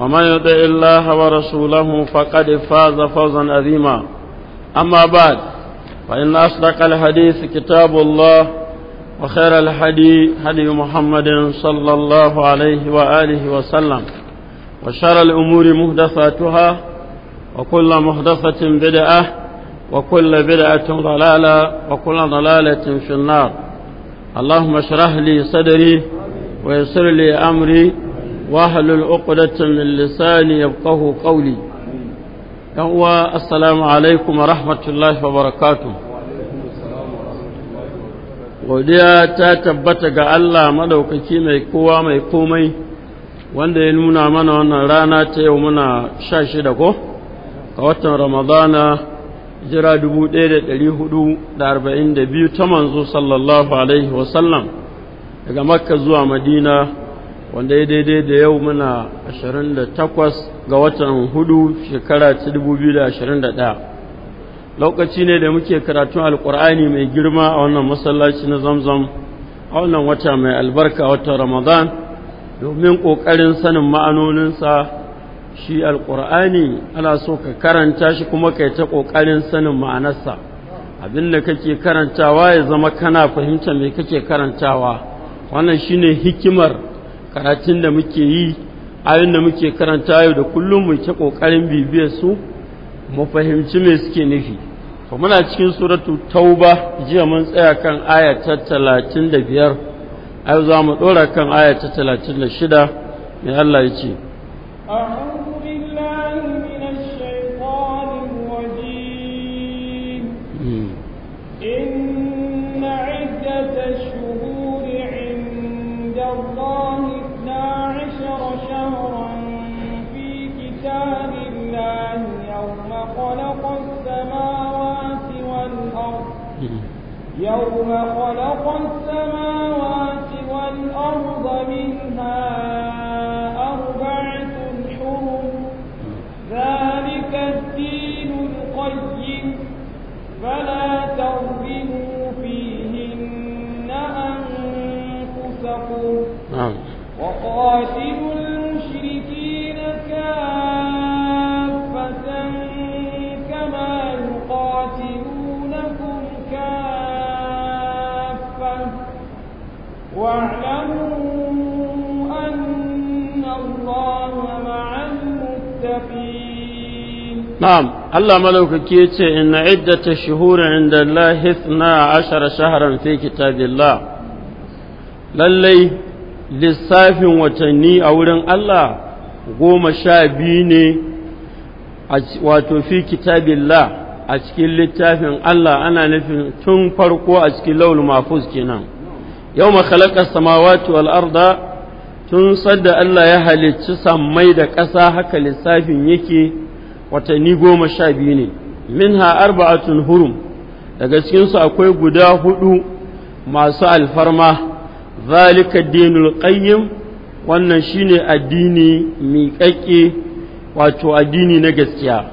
ومن يطع الله ورسوله فقد فاز فوزا عظيما أما بعد فإن أصدق الحديث كتاب الله وخير الحدي هدي محمد صلى الله عليه وآله وسلم وشر الأمور مهدفاتها وكل مهدفة بدعة وكل بدعة ضلالة وكل ضلالة في النار اللهم اشرح لي صدري ويسر لي أمري واحلل عقدة من لساني يفقه قولي هو السلام عليكم ورحمة الله وبركاته godiya ta tabbata ga Allah madaukaki mai kowa mai komai wanda ya nuna mana wannan rana ta yau muna sha shida ko a watan ramadana jira dubu ɗaya da da da ɗari arba'in biyu ta manzo sallallahu alaihi wasallam daga makka zuwa madina wanda ya daidai da yau muna 28 ga watan hudu shekara ta 2021 lokaci ne da muke karatun alkur'ani mai girma a wannan masallaci na zamzam a wannan wata mai albarka watan ramadan domin ƙoƙarin sanin ma'anoninsa shi alkur'ani ana so ka karanta shi kuma ka yi ta ƙoƙarin sanin ma'anarsa abin da kake karantawa ya zama kana fahimta mai kake karantawa wannan shine hikimar karatun da muke yi abin da muke karanta yau da kullum mu ke kokarin bibiyar su mu fahimci me suke nufi to muna cikin suratu tauba jiya mun tsaya kan aya ta 35 ayo za mu dora kan aya ta 36 in Allah ya ce يوم خلق السماوات والأرض منها أربعة حرم ذلك الدين القيم فلا تظلموا فيهن أنفسكم نعم. وقاتلوا na'am Allah malaukaki ce inna iddata shuhura inda Allah na ashara shaharan fi kitabillah lallai lissafin watanni a wurin Allah goma sha biyu ne wato fi kitabillah a cikin littafin Allah ana nufin tun farko a cikin laul mafuz kenan yau makalakar samawati wal arda tun sadda Allah ya halicci sammai da ƙasa haka lissafin yake watanni goma sha biyu ne minha arba'atun hurum daga cikinsu akwai guda hudu masu alfarma zalika dinul qayyim wannan shine addini miƙaƙe wato addini na gaskiya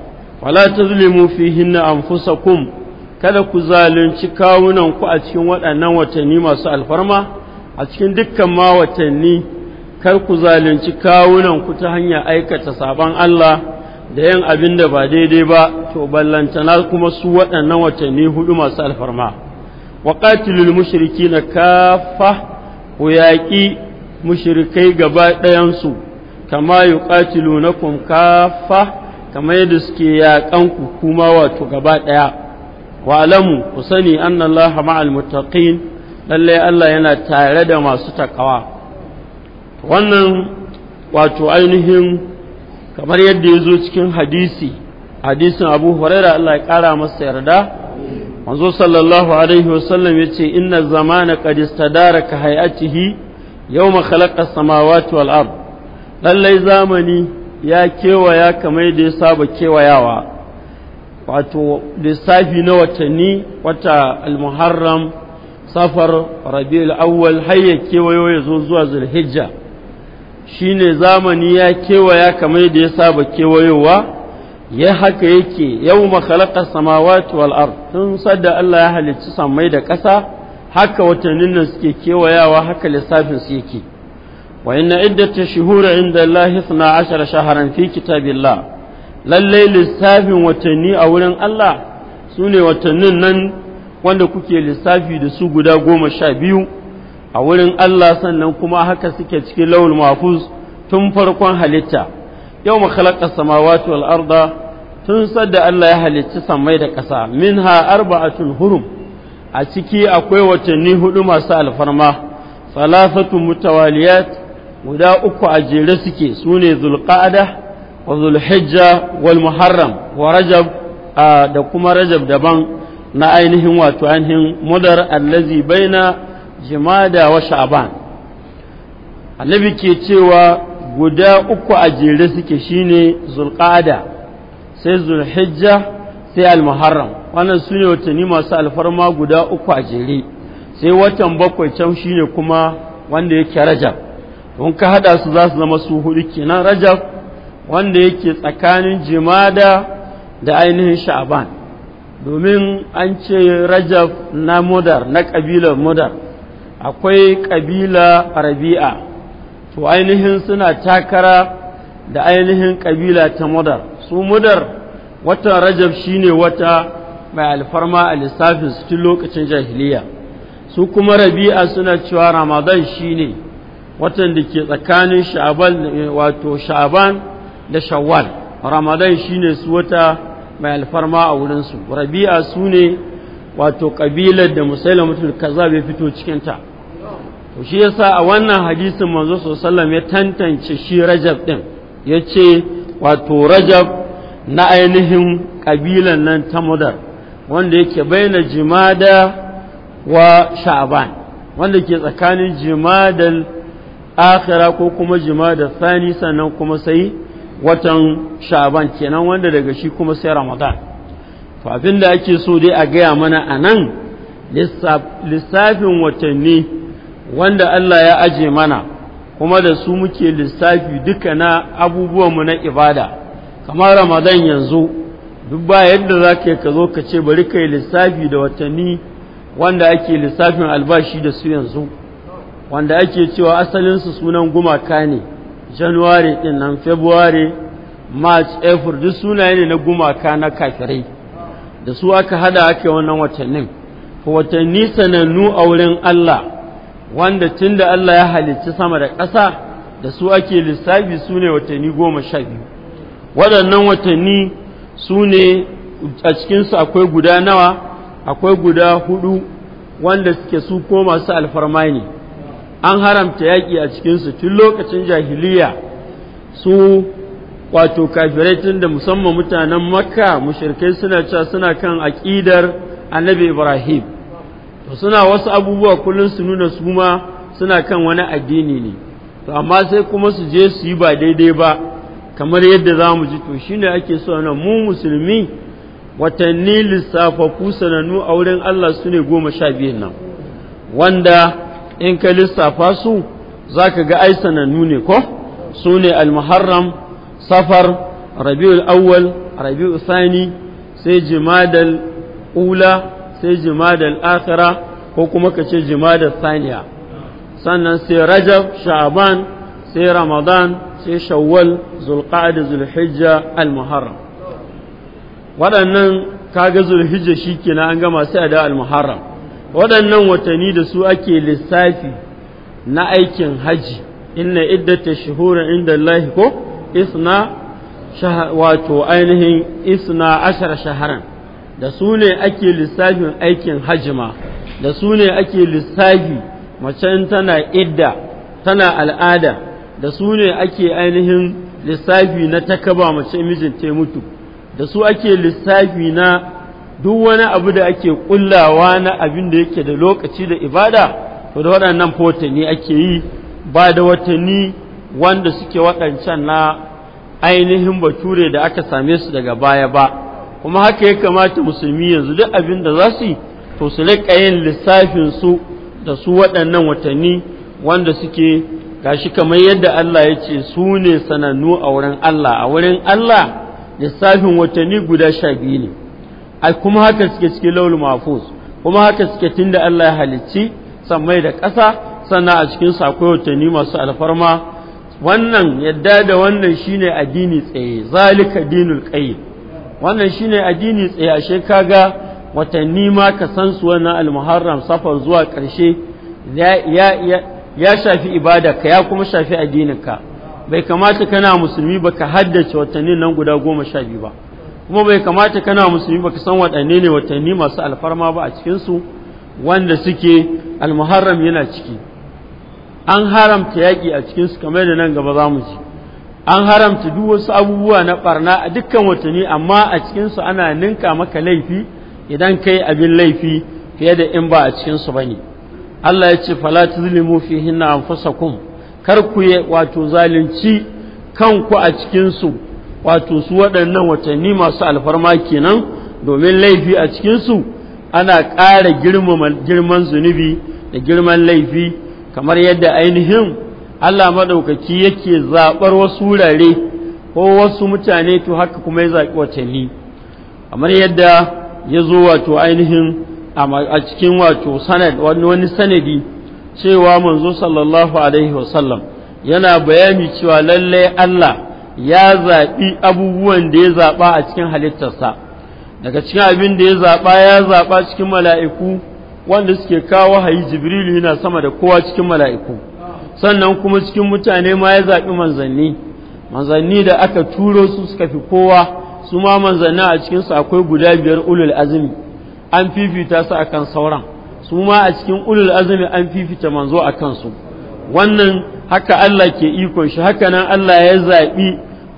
wala tazlimu fihinna anfusakum kada ku zalunci kawunan ku a cikin waɗannan watanni masu alfarma a cikin dukkan ma watanni kar ku zalunci kawunan ku ta hanyar aikata sabon Allah da yin abin da ba daidai ba to ballantana kuma su waɗannan watanni hudu masu alfarma wa qatilul na kafa ku yaƙi mushrikai gaba ɗayansu kama kun kafa kamar yadda suke yaƙan ku kuma wato gaba ɗaya wa alamu ku sani annallaha ma'al muttaqin lallai Allah yana tare da masu takawa wannan wato ainihin kamar yadda ya zo cikin hadisi hadisin abu huraira Allah ya ƙara masa yarda manzo sallallahu alaihi wasallam ya ce inna zamana qad istadara ka hayatihi yawma khalaqa samawati wal ard lallai zamani ya kewaya kamar da ya saba kewayawa wato lissafi na watanni wata al-muharram safar rabiul awwal hayya kewayo ya zo zuwa zulhijja Shi ne zamani ya kewaya kamar yadda ya saba kewayowa ya haka yake yau makalaka samawati wal'ar tun sadda Allah ya halicci sammai da ƙasa haka watannin nan suke kewayawa haka lissafin su yake wa inna ta shuhura inda Allah ashara shaharan fi kitabillah lalle lissafin watanni a wurin Allah sune watannin nan wanda kuke lissafi da su guda goma sha biyu a wurin Allah sannan kuma haka suke cikin laul mahfuz tun farkon halitta yau mu khalaqa samawati wal arda tun sadda Allah ya halicci samai da ƙasa minha arba'atun hurum a ciki akwai watanni hudu masu alfarma salasatu mutawaliyat guda uku a jere suke sune zulqa'ada wa zulhijja wal muharram wa rajab da kuma rajab daban na ainihin wato ainihin mudar allazi baina jimada wa sha'ban annabi ke cewa guda uku a jere suke shine zulqada sai zulhijja sai almuharram wannan su ne watanni masu alfarma guda uku a jere sai watan bakwai can shine kuma wanda yake rajab don ka hada su za su zama su hudu kenan rajab wanda yake tsakanin jimada da ainihin sha'ban domin an ce rajab na mudar na kabilar mudar akwai ƙabila rabi'a to ainihin suna takara da ainihin ƙabila ta mudar su mudar watan rajab shine wata mai alfarma a lissafin su tun lokacin jahiliya su kuma rabi'a suna cewa ramadan shine watan da ke tsakanin sha'aban wato sha'aban da shawwal ramadan shine su wata mai alfarma a wurinsu rabi'a su ne wato ƙabilar da mutum kaza bai fito cikinta to shi yasa a wannan hadisin manzo sallam ya tantance shi rajab din ya ce wato rajab na ainihin ƙabilan nan ta mudar wanda yake baina jimada wa sha'ban wanda ke tsakanin jimadan akhira ko kuma jimada sani sannan kuma sai watan sha'ban kenan wanda daga shi kuma sai ramadan to abinda ake so dai a gaya mana a nan lissafin watanni wanda Allah ya aje mana kuma da su muke lissafi duka na abubuwanmu na ibada kamar ramadan yanzu duk ba yadda za ka ka zo ka ce bari ka yi lissafi da watanni wanda ake lissafin albashi da su yanzu wanda ake cewa asalinsu sunan gumaka ne januwari ɗin nan february march april duk sunaye ne na gumaka na kafirai da su aka hada ake wannan watannin watanni sanannu a wurin allah wanda tun da Allah ya halicci sama da ƙasa da su ake lissafi su ne watanni goma sha biyu waɗannan watanni su ne a cikinsu akwai guda nawa akwai guda hudu wanda suke su ko masu alfarmai ne an haramta yaƙi a cikinsu tun lokacin jahiliya su wato kafirai tun da musamman mutanen makka mushirikai suna cewa suna kan aƙidar annabi ibrahim to suna wasu abubuwa kullum su nuna su ma suna kan wani addini ne to amma sai kuma su je su yi ba daidai ba kamar yadda za mu ji to shine ake so nan mu musulmi watanni lissafafu sanannu a wurin Allah su ne goma sha biyu nan wanda in ka lissafa su za ka ga ai sanannu ne ko su ne almuharram safar rabi'ul awwal rabi'ul sani sai jimadal ula sai da akhira ko kuma ka ce da saniya sannan sai rajab sha'ban sai ramadan sai shawwal zulqa'ada zulhijja almuharram waɗannan kaga zulhijja shikenan an gama sai da almuharram waɗannan watanni da su ake lissafi na aikin haji inna iddata shuhurin inda Allah ko isna wato ainihin isna ashara shaharan da su ne ake lissafin aikin hajima da su ne ake lissafi macen tana idda tana al'ada da su ne ake ainihin lissafi na takaba mace mijin ta mutu da su ake lissafi na duk wani abu da ake kullawa na abin da yake da lokaci da ibada to da waɗannan fotani ake yi ba da watanni wanda suke waɗancan na ainihin bature da aka same su daga baya ba kuma haka ya kamata musulmi yanzu duk abin da za su yi to su riƙa yin lissafin su da su waɗannan watanni wanda suke Ga shi kamar yadda Allah ya ce su ne sanannu a wurin Allah a wurin Allah lissafin watanni guda sha biyu ne ai kuma haka suke suke laulu mafus kuma haka suke da Allah ya halicci sammai da ƙasa sannan a cikin akwai watanni masu alfarma wannan yadda da wannan shine addini tsaye zalika dinul qayyim wannan shine addini tsayashe kaga watanni ma ka san su wannan al-muharram safar zuwa ƙarshe ya shafi ibada ka ya kuma shafi ka bai kamata kana musulmi ba ka haddace watannin nan guda goma sha biyu ba kuma bai kamata kana musulmi ba ka san waɗanne ne watanni masu alfarma ba a cikinsu wanda suke almuharram yana ciki an haramta yaƙi a cikinsu kamar da nan gaba za mu ci an haramta duk wasu abubuwa na barna a dukkan watanni amma a cikinsu ana ninka maka laifi idan kai abin laifi fiye da in ba a cikinsu ba ne Allah ya ce fala tuzlimu hinna anfusakum kar ku yi wato zalunci kanku a cikinsu wato su waɗannan watanni masu alfarma kenan domin laifi a cikinsu ana ƙara girman zunubi da girman laifi kamar yadda ainihin Allah maɗaukaki yake zaɓar wasu wurare ko wasu mutane to haka kuma ya zaɓi watanni kamar yadda ya zo wato ainihin a cikin wato sanad wani sanadi cewa manzo sallallahu alaihi wasallam yana bayani cewa lallai Allah ya zaɓi abubuwan da ya zaɓa a cikin halittarsa daga cikin abin da ya zaɓa ya zaɓa cikin mala'iku wanda suke kawo hayi jibrilu yana sama da kowa cikin mala'iku sannan kuma cikin mutane ma ya zaɓi manzanni manzanni da aka turo su suka fi kowa su ma manzanni a cikinsu akwai guda biyar ulul azumi an fifita su akan sauran su ma a cikin ulul azumi an fifita manzo a kansu wannan haka Allah ke ikon shi haka nan Allah ya zaɓi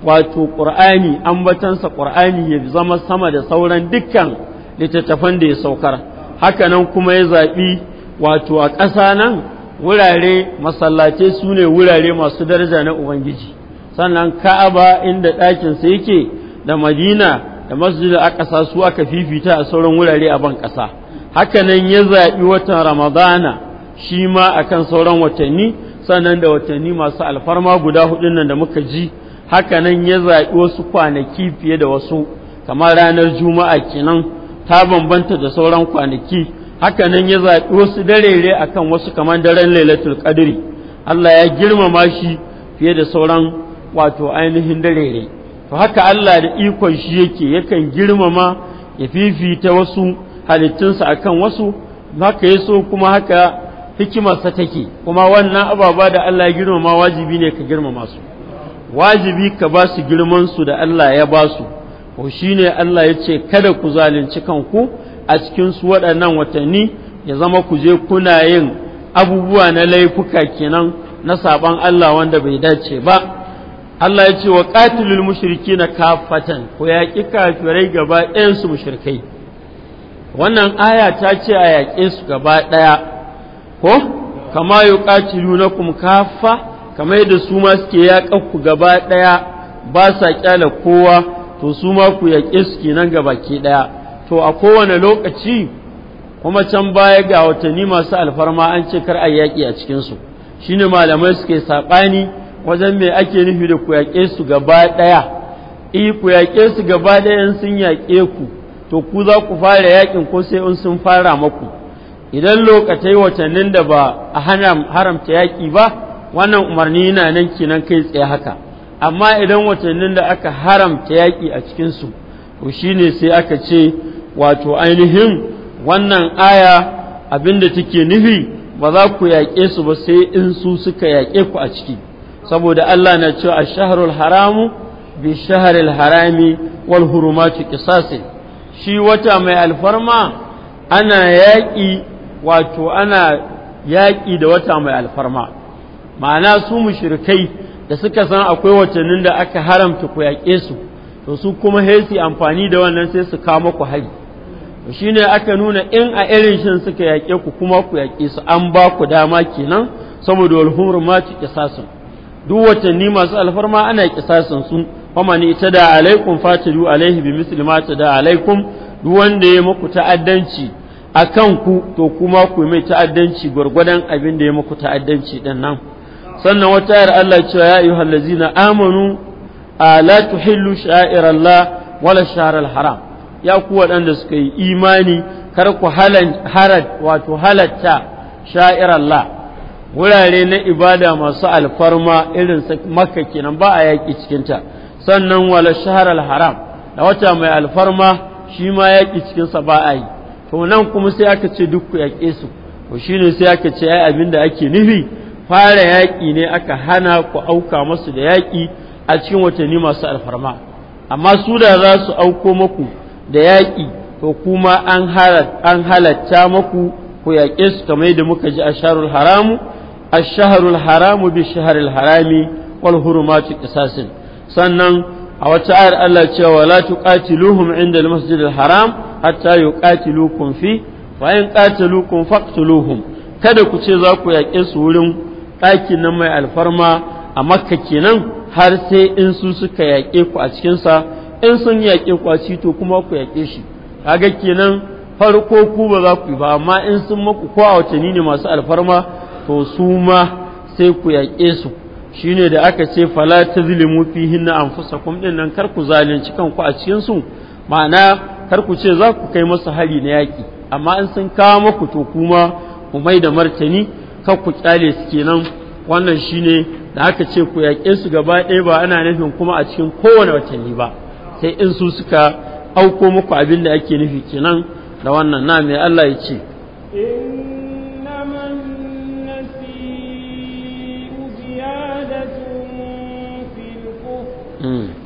wato ƙur'ani ambatansa ƙur'ani ya zama sama da sauran dukkan littattafan da ya saukar haka nan kuma ya zaɓi wato a ƙasa nan wurare masallace su ne wurare masu daraja na ubangiji sannan ka'aba inda ɗakinsa yake da madina da masjidul aqsa su aka fifita a sauran wurare a ban ƙasa haka nan ya zaɓi watan ramadana shi ma akan sauran watanni sannan da watanni masu alfarma guda hudun nan da muka ji haka nan ya zaɓi wasu kwanaki fiye da wasu kamar ranar juma'a kenan ta bambanta da sauran kwanaki haka nan ya zaɓi wasu darere kan wasu kamar daren lailatul ƙadiri Allah ya girmama shi fiye da sauran wato ainihin darere to haka Allah da ikon shi yake yakan girmama ya fifita wasu halittunsa kan wasu haka ya so kuma haka hikimarsa take kuma wannan ababa da Allah ya girmama wajibi ne ka girmama su wajibi ka ba su girman da Allah ya ba su ko ne Allah ya ce kada ku zalunci kanku a cikin su waɗannan watanni ya zama ku je kuna yin abubuwa na laifuka kenan na saban Allah wanda bai dace ba Allah ya ce wa qatilul mushrikina kafatan ku yaƙi kafirai gaba ɗayan su mushrikai wannan aya ta ce a yaƙe su gaba ɗaya ko kama yuqatilunakum kafa kamar yadda su ma suke yaƙa ku gaba ɗaya ba sa kowa to su ma ku yaƙe su kenan gaba ke ɗaya to a kowane lokaci kuma can baya ga watanni masu alfarma an ce kar a yaƙi a cikinsu shine malamai suke saɓani wajen me ake nufi da ku yaƙe su gaba ɗaya eh ku yaƙe su gaba ɗaya sun yaƙe ku to ku za ku fara yaƙin ko sai in sun fara maku idan lokacin watannin da ba a hana haramta yaƙi ba wannan umarni na nan kenan kai tsaye haka amma idan watannin da aka haramta yaƙi a cikinsu to shine sai aka ce wato ainihin wannan aya abinda take nufi ba za ku yaƙe su ba sai in su suka yaƙe ku a ciki saboda Allah na cewa ash-shahrul haramu bi shahril harami wal hurumatu qisasin shi wata mai alfarma ana yaƙi wato ana yaƙi da wata mai alfarma ma'ana su mushrikai da suka san akwai watannin da aka haramta ku yaƙe su to su kuma hesi amfani da wannan sai su kama ku hari shine aka nuna in a irin shin suka yaƙe ku kuma ku yaƙe su an ba ku dama kenan saboda walhumur ma ci kisasin duk watanni masu alfarma ana kisasin su fama ne ita da alaikum fatiru alaihi bi muslima ta da alaikum duk wanda ya muku ta'addanci a kan ku to kuma ku mai ta'addanci gwargwadon abin da ya muku ta'addanci din nan sannan wata ayar Allah cewa ya ayyuhallazina amanu a la tuhillu sha'irallah wala sharar haram ya ku waɗanda suka yi imani kar ku harad wato halatta sha'irallah wurare na ibada masu alfarma irin makka kenan ba a yaƙi cikinta sannan wala shaharar haram da wata mai alfarma shi ma yaƙi cikinsa ba a yi to nan kuma sai aka ce duk ku yaƙe su to shine sai aka ce ai abin da ake nufi fara yaƙi ne aka hana ku auka masu da yaƙi a cikin watanni masu alfarma amma su da za su auko muku. da yaƙi to kuma an halatta maku ku yaƙe su kamar da muka ji a shaharul haramu a shaharul haramu bi shaharul harami wal hurumatu qisasin sannan a wata ayar Allah cewa la tuqatiluhum inda al-masjid al-haram hatta yuqatilukum fi fa in qatalukum faqtuluhum kada ku ce za ku yaƙe su wurin ɗakin na mai alfarma a makka kenan har sai in su suka yaƙe ku a cikinsa in sun yaƙe kwaci to kuma ku yaƙe shi kaga kenan farko ku ba za ku yi ba amma in sun maku ko a watanni ne masu alfarma to su ma sai ku yaƙe su shine da aka ce fala ta hinna fihinna kum din nan kar ku zalunci kanku a cikin su ma'ana kar ku ce za ku kai masu hari na yaƙi amma in sun kawo muku to kuma ku mai da martani kan ku kyale su kenan wannan shine da aka ce ku yaƙe su gaba ɗaya ba ana nufin kuma a cikin kowane watanni ba sai in su suka auko muku abin da ake nufi kenan da wannan na mai Allah ya ce Mm.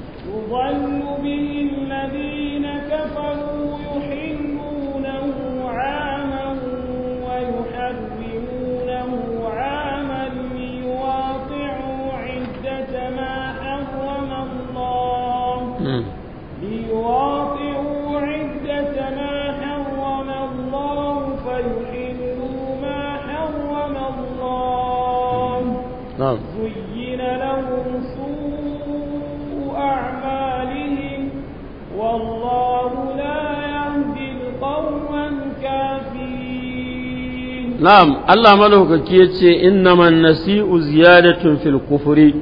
na'am Allah madaukaki yace innaman nasi'u ziyadatun fil kufuri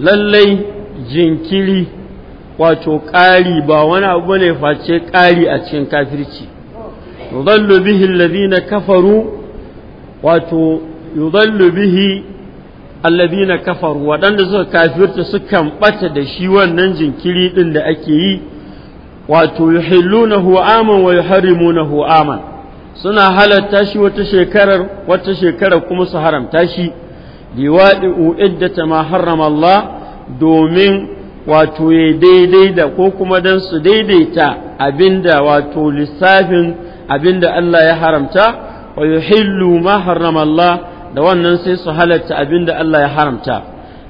lallai jinkiri wato ƙari ba wani abu ne face ƙari a cikin kafirci yudallu bihi alladhina kafaru wato yudallu bihi alladhina kafaru waɗanda suka kafirta sukan ɓata da shi wannan jinkiri ɗin da ake yi wato yuhillunahu aman wa yuharrimunahu aman suna halatta shi wata shekarar wata shekarar kuma su haramta shi liwaɗi u'iddata ma harrama Allah domin wato ya daidai da ko kuma don su daidaita abinda wato lissafin abinda Allah ya haramta wa yuhillu ma harrama Allah da wannan sai su halatta abinda Allah ya haramta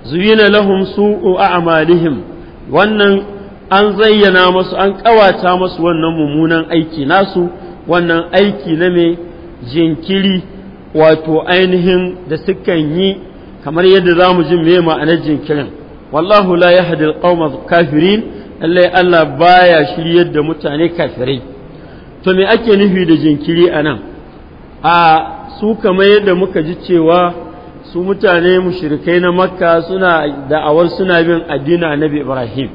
zuyina lahum su'u a'malihim wannan an zayyana musu an kawata musu wannan mummunan aiki nasu wannan aiki na mai jinkiri wato ainihin da sukan yi kamar yadda za mu ji a ma'anar jinkirin wallahu la ya yahdi ƙaumar kafirin lallai Allah baya shiryar da mutane kafirai to me ake nufi da jinkiri a nan? a su kamar yadda muka ji cewa su mutane mushrikai na makka suna da'awar suna bin addinin annabi ibrahim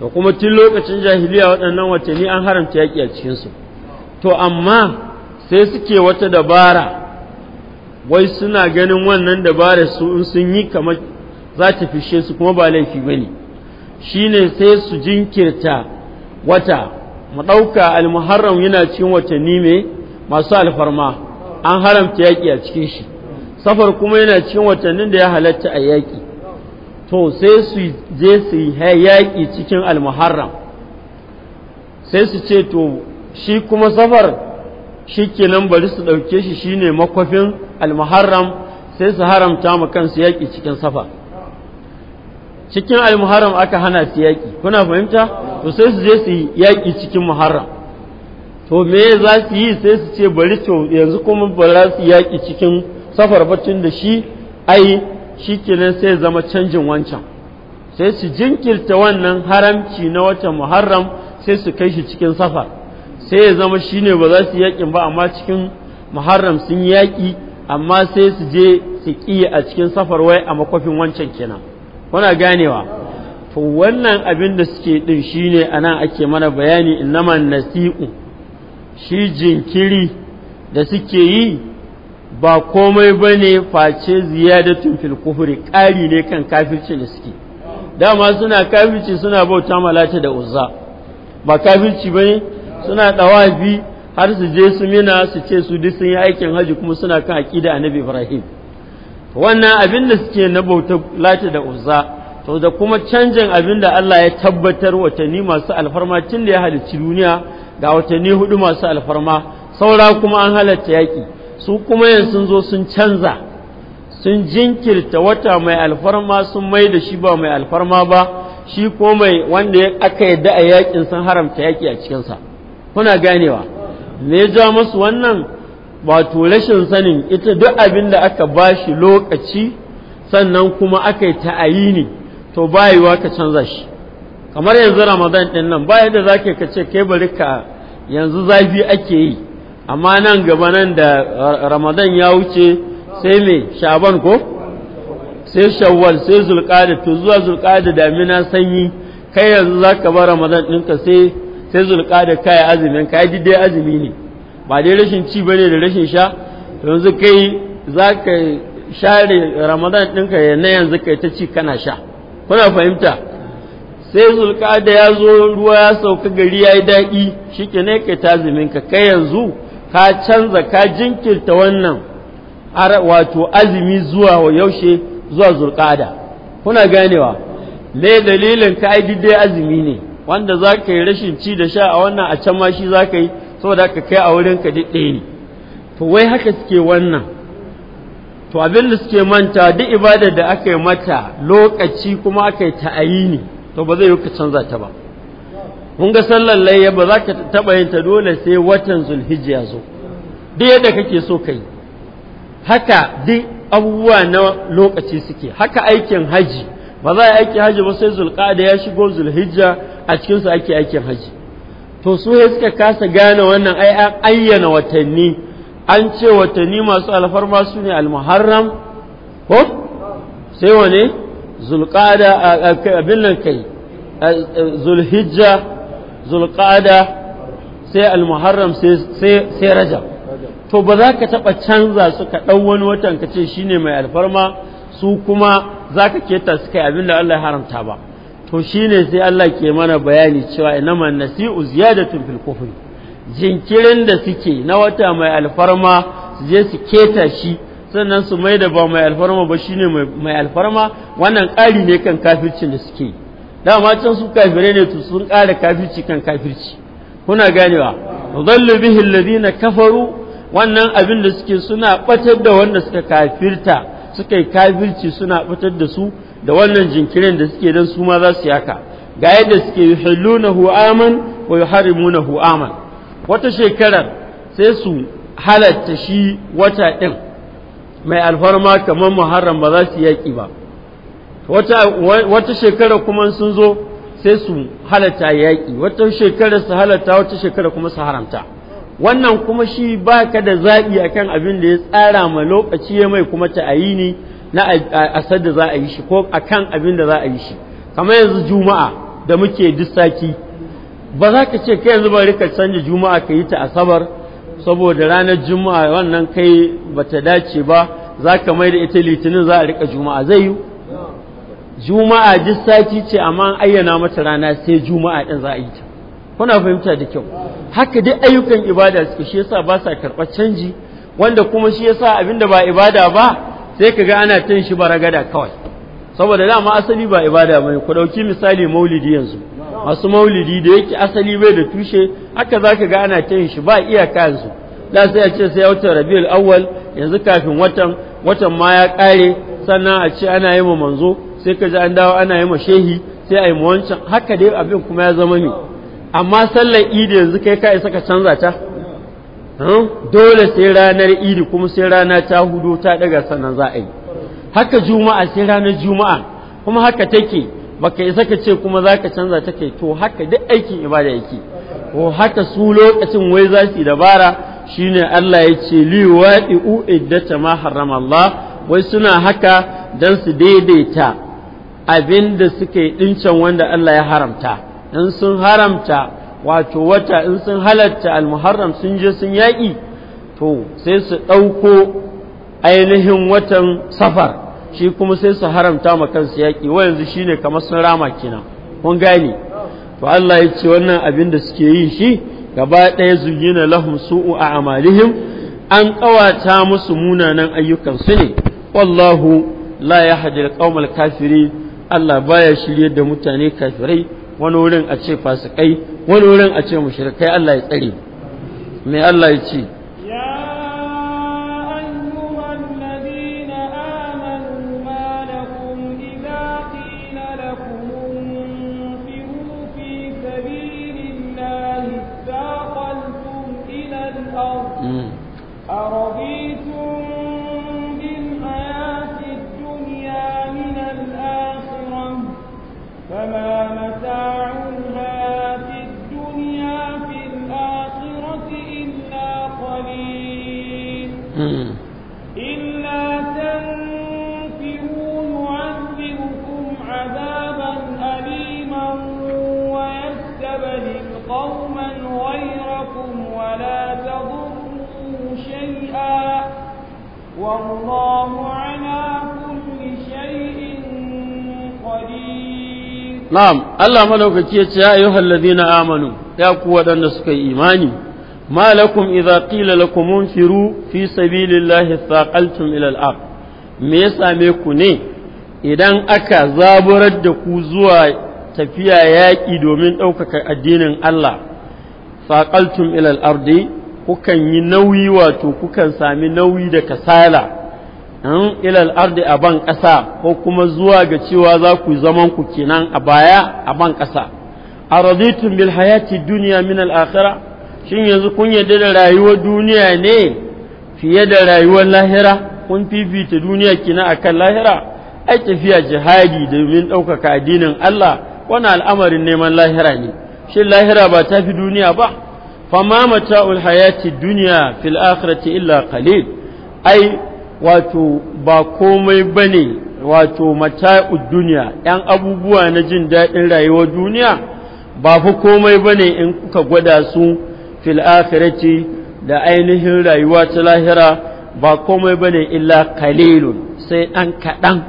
da kuma tun lokacin jahiliya waɗannan watanni an haramta yaƙi a cikinsu to amma sai suke wata dabara wai suna ganin wannan dabara su in sun yi kamar za ta fishe su kuma ba laifi ba ne shi ne sai su jinkirta wata mu ɗauka almuharram yana cikin watanni mai masu alfarma an haramta yaƙi a cikin shi safar kuma yana cikin watannin da ya halatta a yaƙi to sai su je su yi yaƙi cikin almuharram sai su ce to shi kuma safar shi kenan bari su ɗauke shi shine makwafin almuharram sai su haramta ma kansu yaƙi cikin safa cikin almuharram aka hana su yaƙi kuna fahimta to sai su je su yi yaƙi cikin muharram to me za su yi sai su ce bari to yanzu kuma ba za su yaƙi cikin safar tun da shi ai shi kenan sai zama canjin wancan sai su jinkirta wannan haramci na watan muharram sai su kai shi cikin safar sai ya zama shine ba za su yakin ba amma cikin muharram sun yi yaƙi amma sai su je su ƙi a cikin safar wai a makwafin wancan kenan wana ganewa to wannan abin da suke ne shine nan ake mana bayani in innaman nasi'u shi jinkiri da suke yi ba komai ba ne face ziyadatun fil kufri ƙari ne kan kafirci da suke dama suna kafirci suna bauta malata da uzza ba kafirci bane suna ɗawafi har su je su mina su ce su duk sun yi aikin haji kuma suna kan aƙida annabi ibrahim wannan abin da suke na bautar lati da uzza to da kuma canjin abin da Allah ya tabbatar watanni masu alfarma tun da ya halicci duniya ga watanni hudu masu alfarma saura kuma an halatta yaƙi su kuma yanzu sun zo sun canza sun jinkirta wata mai alfarma sun mai da shi ba mai alfarma ba shi ko mai wanda aka yadda a yaƙin sun haramta yaƙi a cikinsa kuna ganewa me ya ja musu wannan wato rashin sanin ita duk abin da aka ba shi lokaci sannan kuma aka yi ta'ayini to bayiwa ka canza shi kamar yanzu ramadan ɗin nan ba yadda zake ka ce kai bari ka yanzu zafi ake yi amma nan gaba nan da ramadan ya wuce sai mai shaban ko sai shawwal sai zulqada to zuwa da damina sanyi kai yanzu zaka bar ba ramadan ɗinka sai sai da kai azumin ka yi dai azumi ne ba dai rashin ci bane da rashin sha yanzu kai za ka share ramadan ɗinka na yanzu kai ta ci kana sha kuna fahimta sai da ya zo ruwa ya sauka gari ya yi daɗi shi ke ne kai ta azumin ka kai yanzu ka canza ka jinkirta wannan wato azumi zuwa yaushe zuwa da kuna ganewa le dalilin ka ai dai azumi ne wanda za ka yi rashin ci da sha a wannan a can ma shi za ka yi saboda ka kai a wurin ka duk ɗaya ne to wai haka suke wannan to abin da suke manta duk ibadar da aka yi mata lokaci kuma aka yi ta'ayi ne to ba zai yi ka canza ta ba mun ga sallar layya ba za ka taɓa yin ta dole sai watan zulhijiya zo duk yadda kake so ka yi haka duk abubuwa na lokaci suke haka aikin haji ba za a yi aiki haji ba sai da ya shigo zulhijja a cikinsu ake aikin haji to su sai suka kasa gane wannan ai an ayyana watanni an ce watanni masu alfarma su ne almuharram ko sai wane zulqada abin nan kai zulhijja zulqada sai almuharram sai rajab to ba za ka taɓa canza su ka ɗau wani watan ka ce shine mai alfarma su kuma za ka keta su kai abin da Allah ya haramta ba to shine sai Allah ke mana bayani cewa man nasi'u ziyadatu fil kufri jinkirin da suke na wata mai alfarma su je su keta shi sannan su mai da ba mai alfarma ba shine mai alfarma wannan ƙari ne kan kafircin da suke dama can su kafirai ne to sun ƙara kafirci kan kafirci kuna ganewa dhallu bihi alladhina kafaru wannan abin da suke suna batar da wanda suka kafirta suka yi kafirci suna batar da su da wannan jinkirin da suke dan su ma za su yaka ga yadda suke yuhillunahu aman wa yuharrimunahu aman wata shekarar sai su halatta shi wata ɗin mai alfarma kamar muharram ba za su yaƙi ba wata shekara kuma sun zo sai su halatta yaƙi wata shekara su halatta wata shekara kuma su haramta wannan kuma shi baka da zaɓi akan abin da ya tsara ma lokaci ya mai kuma ta ne na asar da za a yi shi ko a kan abin da za a yi shi kamar yanzu juma'a da muke dissaki ba za ka ce kai yanzu ba rika canja juma'a ka yi ta asabar saboda ranar juma'a wannan kai ba ta dace ba za ka mai da ita litinin za a rika juma'a zai yi juma'a dissaki ce amma an ayyana mata rana sai juma'a ɗin za a yi ta kuna fahimta da kyau haka dai ayyukan ibada suke shi yasa ba sa karɓar canji wanda kuma shi yasa abin ba ibada ba sai ka ga ana cin shi baragada kawai saboda dama asali ba ibada bane ku ɗauki misali maulidi yanzu masu maulidi da yake asali bai da tushe haka zaka ga ana cin shi ba iya kayansu da sai a ce sai watan rabiul awwal yanzu kafin watan watan ma ya kare sannan a ce ana yi ma manzo sai ka ji an dawo ana yi ma shehi sai a yi ma wancan haka dai abin kuma ya zama ne amma sallar idi yanzu kai ka isa ka canza ta dole sai ranar iri kuma sai rana ta hudu ta daga sannan za a yi haka juma'a sai ranar juma'a kuma haka take baka isa ka ce kuma za ka canza ta kai to haka duk aikin ibada yake ko haka su lokacin wai za su dabara shine Allah ya ce u iddata ma harrama Allah wai suna haka dan su daidaita abinda da suka ɗincan wanda Allah ya haramta dan sun haramta wato wata in sun halatta almuharram sun je sun yaƙi to sai su ɗauko ainihin watan safar shi kuma sai su haramta ma kansu yaƙi wa yanzu shine kamar sun rama kina kun gane to Allah ya ce wannan abin da suke yi shi gaba ɗaya zuyina lahum su'u a amalihim an ƙawata musu munanan ayyukansu ne wallahu la yahdi al kafiri kafirin Allah baya shirye da mutane kafirai wani wurin a ce fasikai wani wurin a ce mushrikai Allah ya tsare mai Allah ya ce na'am Allah madaukaki ya ce ya ayyuhal ladina amanu ya ku waɗanda suka yi imani ma lakum idza qila fi sabilillahi thaqaltum ila al me ya same ku ne idan aka zaburar da ku zuwa tafiya yaƙi domin ɗaukaka addinin Allah thaqaltum ilal al-ardi kukan yi nauyi wato kukan sami nauyi da kasala in hmm? ilal ardi a ban ƙasa ko kuma zuwa ga cewa za ku zaman ku kenan a baya a ban ƙasa a raditun bil hayati duniya min al akhira shin yanzu kun yarda da rayuwar duniya ne fiye da rayuwar lahira kun fifita duniya kenan akan lahira ai tafiya jihadi domin ɗaukaka addinin Allah wani al'amarin neman lahira ne shin lahira ba ta fi duniya ba fama mata'ul hayati duniya fil akhirati illa qalil ai wato ba komai ba ne wato mata duniya 'yan abubuwa na jin daɗin rayuwa duniya ba fi komai ba ne in kuka gwada su fil da ainihin rayuwa ta lahira ba komai ba ne illa kalilun sai ɗan kaɗan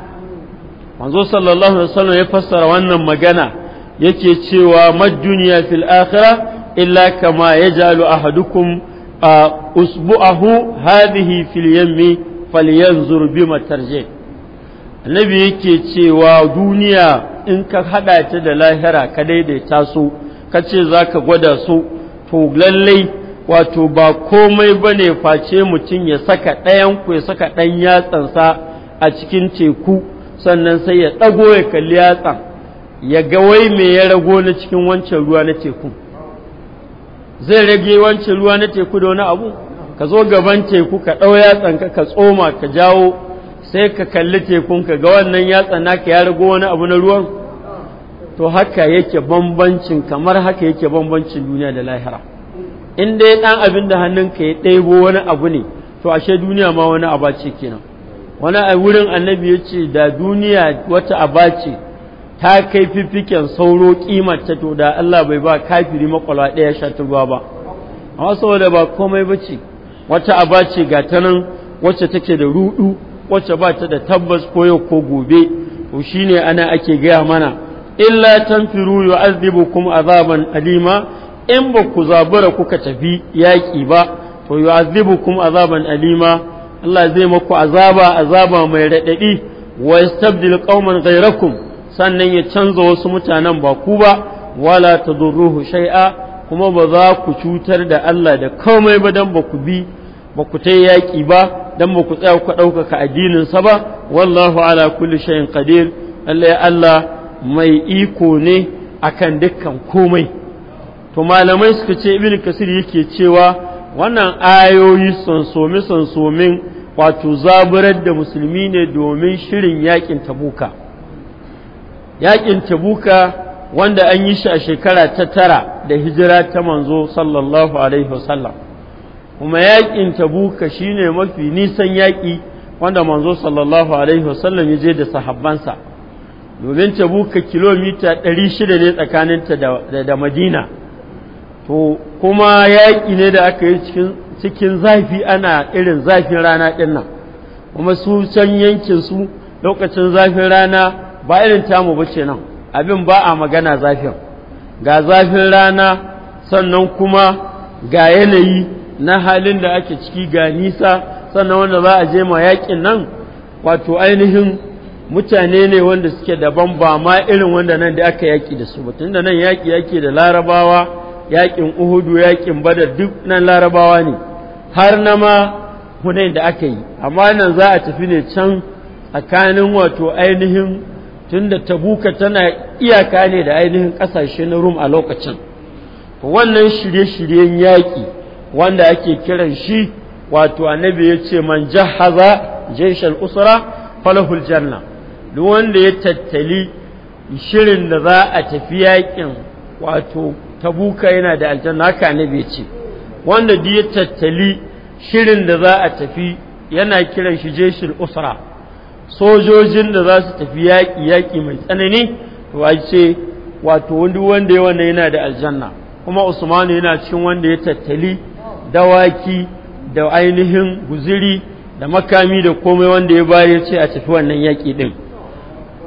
manzo sallallahu alaihi wasallam ya fassara wannan magana yake cewa mad duniya fil akhirah illa kama yajalu ahadukum usbu'ahu hadhihi fil yammi falyanzur bima tarje annabi yake cewa duniya in ka hada ta da lahira ka daidaita su ka ce zaka gwada su to lallai wato ba komai bane face mutum ya saka ɗayan ku ya saka ɗan yatsansa a cikin teku sannan sai ya ɗago ya kalli yatsan ya ga wai me ya rago na cikin wancan ruwa na teku zai rage wancan ruwa na teku da wani abu ka zo gaban teku ka ɗau yatsan ka ka tsoma ka jawo sai ka kalli tekun ka ga wannan yatsan naka ya rigo wani abu na ruwan to haka yake bambancin kamar haka yake bambancin duniya da lahira in dai ɗan abin da ka ya ɗaibo wani abu ne to ashe duniya ma wani abaci kenan wani a wurin annabi ya ce da duniya wata abaci ta kai fifiken sauro kimar ta to da Allah bai ba kafiri makwalwa ɗaya sha ta ruwa ba amma saboda ba komai ba ce wata abaci ga ta nan wacce take da rudu wacce ba ta da tabbas ko yau ko gobe to shine ana ake gaya mana illa tanfiru yu'adhibukum azaban alima in ba ku zabura kuka tafi yaƙi ba to yu'adhibukum azaban alima Allah zai maku azaba azaba mai raɗaɗi wa yastabdil qauman ghayrakum sannan ya canza wasu mutanen ba ku ba wala tadurruhu shay'a kuma ba za ku cutar da Allah da komai ba dan ba ku bi ba ku ta yaƙi ba dan ba ku tsaya ku ɗaukaka addininsa ba wallahu ala kulli shayin qadir Allah ya Allah mai iko ne akan dukkan komai to malamai suka ce ibn kasir yake cewa wannan ayoyi sansomi sansomin wato zaburar da musulmi ne domin shirin yaƙin tabuka yaƙin tabuka wanda an yi shi a shekara ta tara da hijira ta manzo sallallahu alaihi wasallam kuma yaƙin tabuka shine mafi nisan yaƙi wanda manzo sallallahu alaihi wasallam ya je da sahabbansa domin tabuka kilomita ɗari shida ne tsakaninta da, da madina to kuma yaƙi ne da aka yi cikin, zafi ana irin zafin rana ɗin nan kuma su can yankin su lokacin zafin rana ba irin tamu ba ce nan abin ba a magana zafin ga zafin rana sannan kuma ga yanayi na halin da ake ciki ga nisa sannan wanda za a je ma yakin nan wato ainihin mutane ne wanda suke daban ba ma irin wanda nan da aka yaƙi da su mutum da nan yaƙi yake da larabawa yaƙin uhudu yaƙin badar duk nan larabawa ne har na ma hunayin da aka yi amma nan za a tafi ne can tsakanin wato ainihin tunda tabuka tana iyaka ne da ainihin ƙasashe na rum a lokacin wannan shirye-shiryen yaƙi wanda ake kiran shi wato annabi ya ce man jahaza jaishal usra falahul janna duk wanda ya tattali shirin da za a tafi yaƙin wato tabuka yana da aljanna haka annabi ya ce wanda duk ya tattali shirin da za a tafi yana kiran shi jaishal usra sojojin da za su tafi yaƙi yaƙi mai tsanani to a ce wato wani wanda ya wanda yana da aljanna kuma usmanu yana cikin wanda ya tattali dawaki da ainihin guziri da makami da komai wanda ya bayar ce a tafi wannan yaƙi ɗin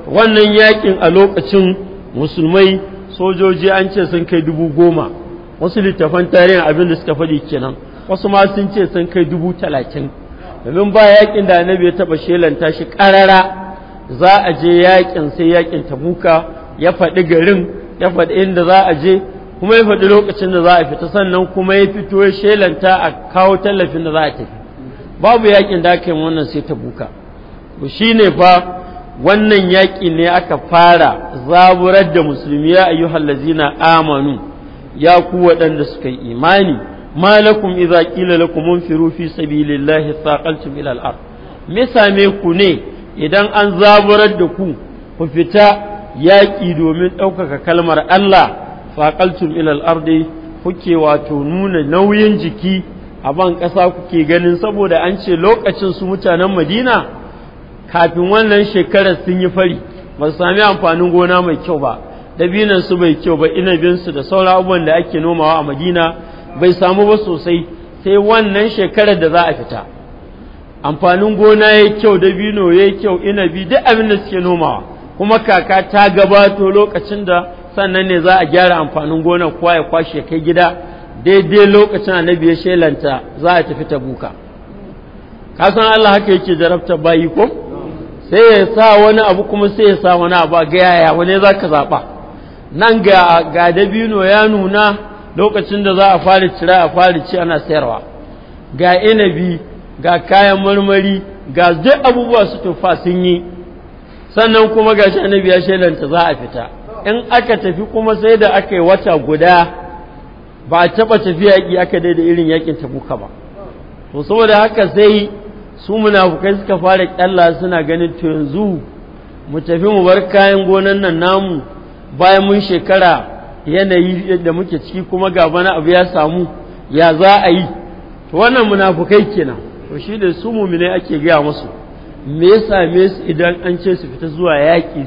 wannan yaƙin a lokacin musulmai sojoji an ce sun kai dubu goma wasu littafan tarihin abin da suka faɗi kenan wasu ma sun ce sun kai dubu talatin domin ba yakin da annabi ya taba shelanta shi karara za a je yakin sai yakin tabuka ya faɗi garin ya faɗi inda za a je kuma ya faɗi lokacin da za a fita sannan kuma ya fito ya shelanta a kawo tallafin da za a tafi babu yaƙin da aka yi wannan sai tabuka shi ne fa wannan yaƙi ne aka fara zaburar da musulmi ya ayyuhallazina amanu ya ku waɗanda suka yi imani ma lakum idza qila lakum munfiru fi sabilillahi thaqaltum ila al-ard me same ku ne idan an zaburar da ku ku fita yaƙi domin ɗaukaka kalmar Allah faqaltum ila al-ard kuke wato nuna nauyin jiki a ban ƙasa kuke ganin saboda an ce lokacin su mutanen Madina kafin wannan shekarar sun yi fari ba su sami amfanin gona mai kyau ba dabinan su bai kyau ba inabinsu da sauran abubuwan da ake nomawa a Madina bai samu ba sosai sai wannan shekarar da za a fita amfanin gona ya kyau dabino ya kyau ina bi duk abin da suke nomawa kuma kaka ta gabato lokacin da sannan ne za a gyara amfanin gona kuwa ya kwashe kai gida daidai lokacin annabi ya shelanta za a tafi tabuka ka san Allah haka yake jarabta bayi ko sai ya sa wani abu kuma sai ya sa wani abu ga yaya wani za ka zaɓa nan ga dabino ya nuna lokacin da za a fara cira a fara ci ana sayarwa ga inabi ga kayan marmari ga duk abubuwa su tufa sun yi sannan kuma ga shi annabi ya shelanta za a fita in aka tafi kuma sai da aka yi wata guda ba a taɓa tafiya yaƙi aka daida irin yaƙin tabuka ba to saboda haka sai su munafukai suka fara ƙyalla suna ganin to yanzu mu tafi mu bar kayan gonan nan namu bayan mun shekara yanayi da muke ciki kuma ga wani abu ya samu ya za a yi to wannan munafukai kenan to shi da su mumine ake gaya musu me ya same su idan an ce su fita zuwa yaki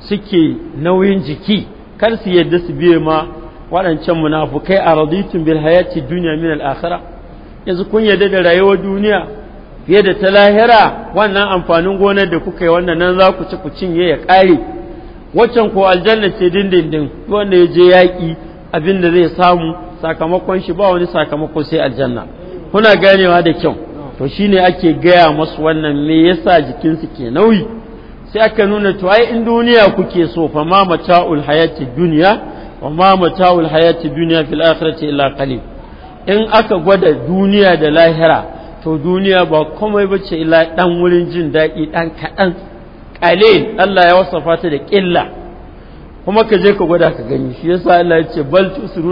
suke nauyin jiki kar su yadda su biye ma waɗancan munafukai a raditun bil hayati duniya min al akhirah yanzu kun yadda da rayuwar duniya fiye da ta lahira wannan amfanin gonar da kuka yi wannan nan za ku ci ku cinye ya ƙare waccan ko aljanna ce dindindin wanda ya je yaƙi abin da zai samu sakamakon shi ba wani sakamakon sai aljanna kuna ganewa da kyau to shine ake gaya masu wannan me yasa jikinsu ke nauyi sai aka nuna to ai in duniya kuke so fa ma mata'ul hayati duniya wa ma mata'ul hayati dunya fil akhirati illa qalil in aka gwada duniya da lahira to duniya ba komai bace illa dan wurin jin daɗi dan kaɗan qalil Allah ya wasafa ta da ƙilla kuma ka je ka gwada ka gani shi yasa Allah ya ce bal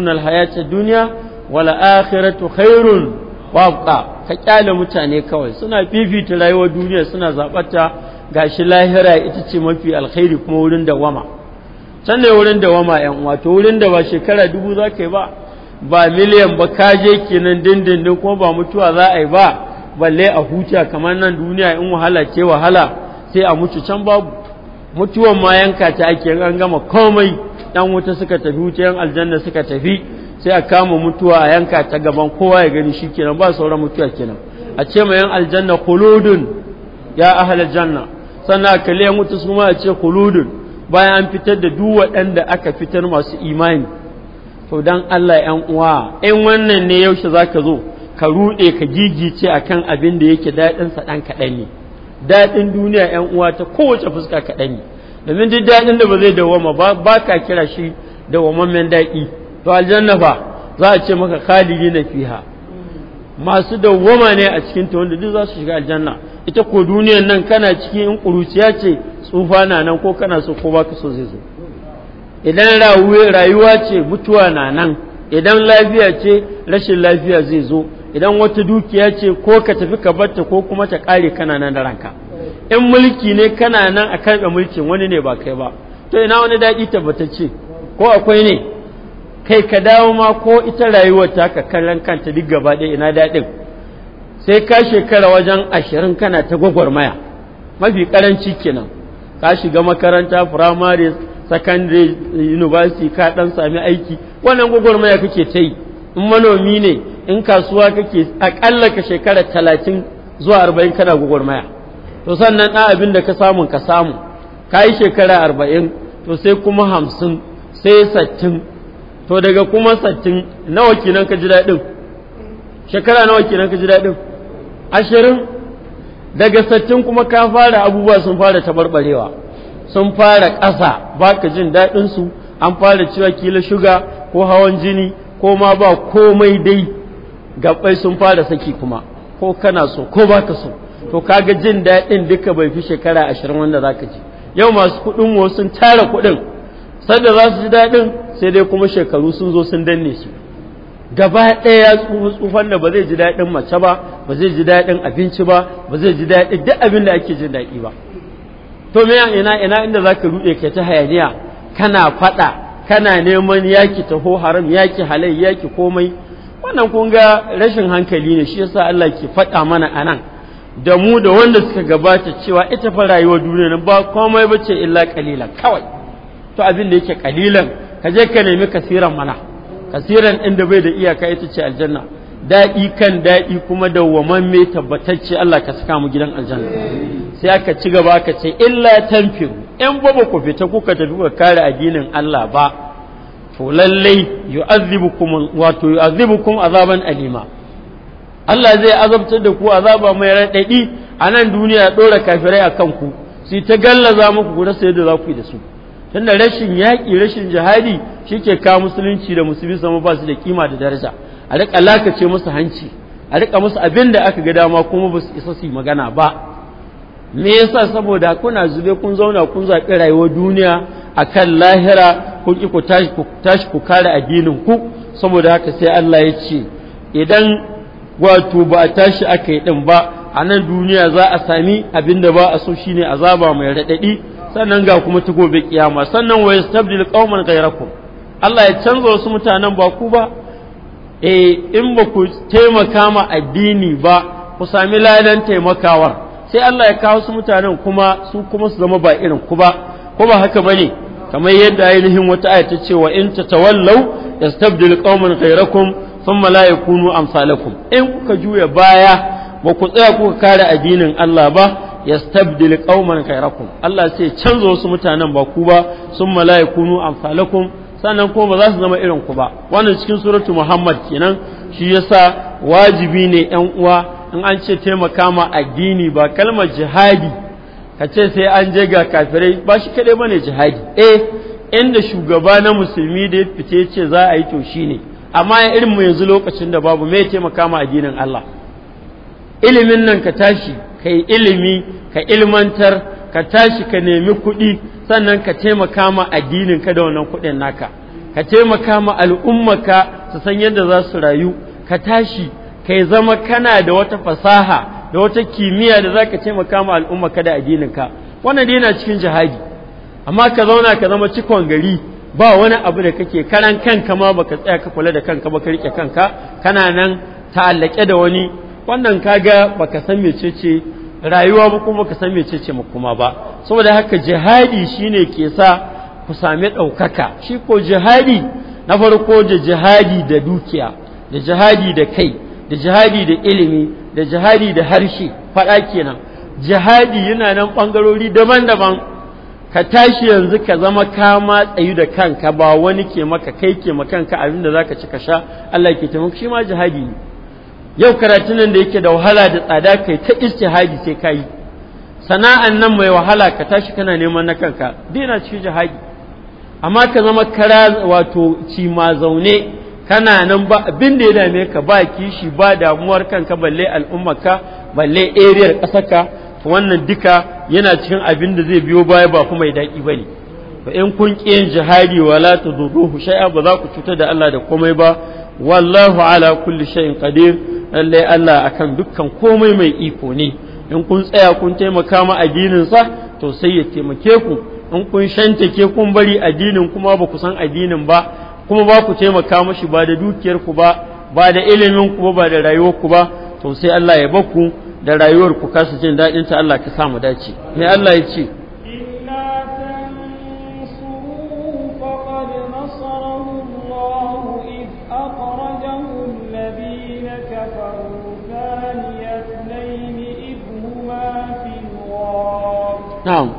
al hayata dunya wal akhiratu khairun wabqa ka kyale mutane kawai suna fifita rayuwar duniya suna zabata gashi lahira ita ce mafi alkhairi kuma wurin da wama. can ne wurin dawama yan uwa to wurin da ba shekara dubu za ka yi ba ba miliyan ba ka je kenan dindindin kuma ba mutuwa za a yi ba balle a huta kamar nan duniya in wahala ce wahala sai a mutu can babu mutuwan ma yanka ta ake an gama komai ɗan wuta suka tafi wuta aljanna suka tafi sai a kama mutuwa a yanka ta gaban kowa ya gani shi kenan ba sauran mutuwa kenan a ce ma yan aljanna kuludun ya ahal janna sannan a kalli yan wuta su ma a ce kuludun bayan an fitar da duk waɗanda aka fitar masu imani to dan Allah yan uwa in wannan ne yaushe zaka zo ka rude ka gigice akan abin da yake daɗinsa ɗan kaɗan ne daɗin duniya ‘yan uwa ta kowace fuska kaɗai ne domin duk daɗin da ba zai dawama ba ba ka kira shi dawamammen daɗi to aljanna fa za a ce maka kalili na fiha masu dawama ne a cikin ta wanda duk za su shiga aljanna ita ko duniyan nan kana cikin in ƙuruciya ce tsufa na nan ko kana so ko baka so zai zo idan rayuwa ce mutuwa na nan idan lafiya ce rashin lafiya zai zo idan wata dukiya ce ko ka tafi ka batta ko kuma ta kare kana nan da ranka in mulki ne kana nan a karɓe mulki wani ne ba kai ba to ina wani daɗi ce? ko akwai ne kai ka dawo ma ko ita rayuwar ta ka kallon kanta duk gaba ɗaya ina daɗin sai ka shekara wajen ashirin kana ta gwagwarmaya mafi karanci kenan ka shiga makaranta firamare secondary university ka ɗan sami aiki wannan gwagwarmaya kake ta yi in manomi ne in kasuwa kake akalla ka shekara talatin zuwa arba'in kana gwagwarmaya to sannan ɗan abin da ka samu ka samu ka yi shekara arba'in to sai kuma hamsin sai sattin to daga kuma sattin nawa kenan ka ji daɗin shekara nawa kenan ka ji daɗin ashirin daga sattin kuma ka fara abubuwa sun fara tabarbarewa sun fara ƙasa ba ka jin daɗinsu an fara cewa kila shuga ko hawan jini ko ma ba komai dai gabbai sun fara saki kuma ko kana so ko ba ka so to kaga jin daɗin duka bai fi shekara ashirin wanda za ka ji yau masu kuɗin wasu sun tara kuɗin sanda za su ji daɗin sai dai kuma shekaru sun zo sun danne su gaba ɗaya tsufan da ba zai ji daɗin mace ba ba zai ji daɗin abinci ba ba zai ji daɗin duk abin da ake jin daɗi ba to me ina ina inda za ka ruɗe ka ta hayaniya kana faɗa kana neman yaki taho haram yaki halai yaki komai wannan kun ga rashin hankali ne shi yasa Allah ke faɗa mana a nan da mu da wanda suka gabata cewa ita fa rayuwar duniya nan ba komai bace illa kalilan kawai to abin da yake kalilan ka je ka nemi kasiran mana kasiran inda bai da iyaka ita ce aljanna daɗi kan daɗi kuma da mai tabbatacce Allah ka saka mu gidan aljanna sai aka ci gaba aka ce illa tanfiru in ba ku fita kuka tafi ka kare addinin Allah ba to lallai yu'azzibukum wato yu'azzibukum azaban alima Allah zai azabtar da ku azaba mai raɗaɗi a nan duniya ya ɗora kafirai a kanku sai ta galla gallaza muku ku rasa yadda za ku yi da su tunda rashin yaƙi rashin jihadi shike ka musulunci da musulmi sama ba su da kima da daraja a riƙa lakace musu hanci a riƙa musu abin da aka ga dama kuma ba su isa su yi magana ba me yasa saboda kuna zube kun zauna kun zaɓi rayuwar duniya akan lahira kun ki ku tashi ku kare addinin ku saboda haka sai Allah ya ce idan wato ba a tashi aka yi din ba a nan duniya za a sami abin da ba a so shine azaba mai raɗaɗi sannan ga kuma ta gobe kiyama sannan wa yastabdil qauman ghayrakum Allah ya canza wasu mutanen ba ku ba eh in ba ku taimaka ma addini ba ku sami ladan taimakawar sai Allah ya kawo su mutanen kuma su kuma su zama ba irin ku ba ko ba haka bane kamar yadda ainihin wata aya ta ce wa in tawallau yastabdil qauman ghayrakum thumma la yakunu amsalakum in kuka juya baya ba ku tsaya kuka kare addinin Allah ba yastabdil qauman ghayrakum Allah sai canza wasu mutanen ba ku ba thumma la yakunu amsalakum sannan kuma ba za su zama irin ku ba wannan cikin suratu Muhammad kenan shi yasa wajibi ne ƴan uwa in an ce taimaka ma addini ba kalmar jihadi ka ce sai an je ga kafirai ba shi kaɗai ba ne jihadi eh inda shugaba na musulmi da ya fice ce za a yi to shi ne amma ya irin mu yanzu lokacin da babu mai taimaka ma addinin Allah ilimin nan ka tashi ka yi ilimi ka ilmantar ka tashi ka nemi kuɗi sannan ka taimaka ma addinin ka da wannan kuɗin naka ka taimaka ma al'ummaka su san yadda za su rayu ka tashi kai zama kana da wata fasaha da wata kimiyya da zaka taimaka ma al'umma kada addinin ka wannan dai yana cikin jihadi amma ka zauna ka zama cikon gari ba wani abu da kake karan kanka ma baka tsaya ka kula da kanka ba ka rike kanka kana nan ta'allake da wani wannan kaga baka san mecece rayuwa ba kuma baka san mecece makuma ba saboda haka jihadi shine ke sa ku sami ɗaukaka shi ko jihadi na farko da jihadi da dukiya da jihadi da kai da jihadi da ilimi da jihadi da harshe faɗa kenan jihadi yana nan ɓangarori daban-daban ka tashi yanzu ka zama kama tsayi da kanka ba wani ke maka kai ke makanka abin da za ka ci ka sha Allah ke taimaka shi ma jihadi ne yau karatun nan da yake da wahala da tsada kai ta istihadi sai kai sana'an nan mai wahala ka tashi kana neman na kanka dina cikin jihadi amma ka zama kara wato ci ma zaune kana nan ba abin da ya dame ka ba kishi ba damuwar kanka balle al'ummarka balle ariyar ƙasarka wannan duka yana cikin abin da zai biyo baya ba kuma mai daɗi ba ne to in kun ƙi yin jihadi wala ta zuruhu shay'a ba za ku cutar da Allah da komai ba wallahu ala kulli shay'in qadir lallai Allah akan dukkan komai mai iko ne in kun tsaya kun taimaka ma addinin sa to sai ya taimake ku in kun shantake kun bari addinin kuma ba ku san addinin ba kuma ba ku taimaka mashi ba da dukiyar ku ba ba da ilimin ku ba da rayuwar ku ba to sai Allah ya baku da rayuwar ku kasu jin dadin ta Allah ka samu dace me Allah ya ce نعم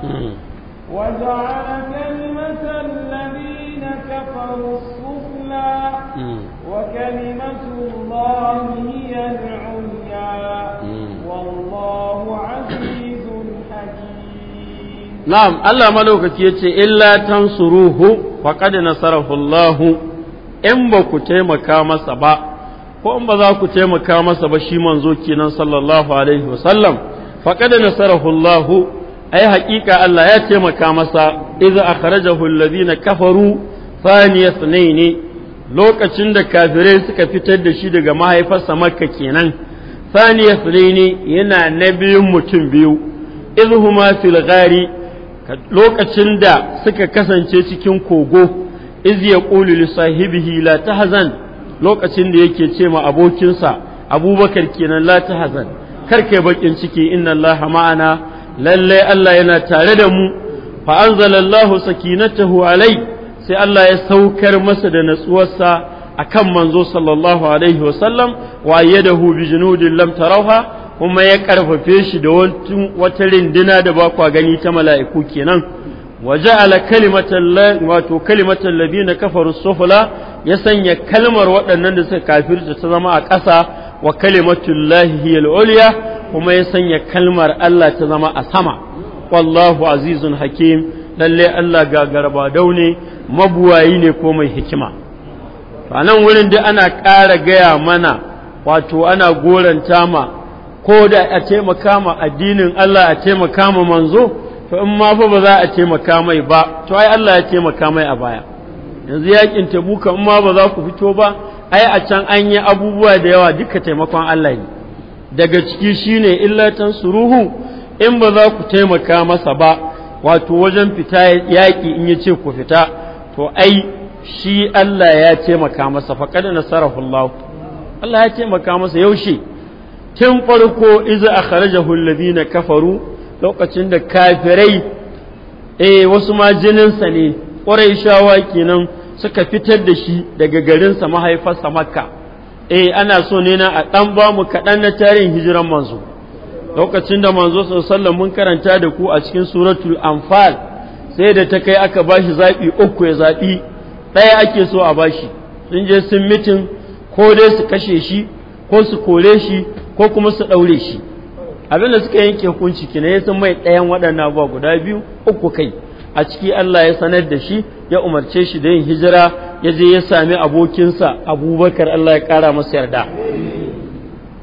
وجعل كلمة الذين كفروا السفلى وكلمة الله هي العليا والله عزيز حكيم نعم الله ملوك يتي إلا تنصروه فقد نصره الله in ba ku taimaka masa ba ko in ba za ku taimaka masa ba shi manzo kenan sallallahu alaihi wasallam faqad nasarahu Allahu ai haƙiƙa Allah ya taimaka masa idza akhrajahu alladhina kafaru thani ithnaini lokacin da kafirai suka fitar da shi daga mahaifarsa makka kenan thani ithnaini yana na biyun mutum biyu izhuma fil ghari lokacin da suka kasance cikin kogo iz yaqulu li sahibihi la tahzan lokacin da yake ce ma abokinsa abubakar kenan la tahzan kar kai bakin ciki inna allaha ma'ana lalle Allah yana tare da mu fa anzalallahu sakinatahu alai sai Allah ya saukar masa da natsuwarsa akan manzo sallallahu alaihi wa sallam wa yadahu bi junudin lam tarawha kuma ya karfafe shi da wata rindina da ba kwa gani ta mala'iku kenan wa ja'ala kalimatan wato kalimatan ladina kafaru sufla ya sanya kalmar waɗannan da suka kafirta ta zama a ƙasa wa kalimatullahi hiya al-ulya kuma ya sanya kalmar Allah ta zama a sama wallahu azizun hakim lalle Allah ba daune mabuwayi ne ko mai hikima a nan wurin da ana ƙara gaya mana wato ana goranta ma ko da a taimaka ma addinin Allah a taimaka ma manzo to in ma fa ba za a taimaka mai ba to ai Allah ya taimaka mai a baya yanzu yakin tabuka in ma ba za ku fito ba ai a can an abubuwa da yawa duka taimakon Allah ne daga ciki shine illatan suruhu in ba za ku taimaka masa ba wato wajen fita yaƙi in ya ce ku fita to ai shi Allah ya taimaka masa faqad nasarahu Allah Allah ya taimaka masa yaushe tun farko iz akhrajahu na kafaru lokacin da kafirai eh wasu ma jininsa ne ƙwarai shawa kenan suka fitar da shi daga garinsa mahaifarsa makka eh ana so ne na a ɗan ba mu kaɗan na tarihin hijiran manzo lokacin da manzo sallan mun karanta da ku a cikin suratul anfal sai da ta kai aka ba shi zaɓi uku ya zaɓi ɗaya ake so a bashi sun je sun mitin ko dai su kashe shi ko su kore shi ko kuma su ɗaure shi abinda suka yanke hukunci kina ya san mai ɗayan waɗannan ba guda biyu uku kai a ciki Allah ya sanar da shi ya umarce shi da yin hijira ya je ya sami abokinsa abubakar Allah ya ƙara masa yarda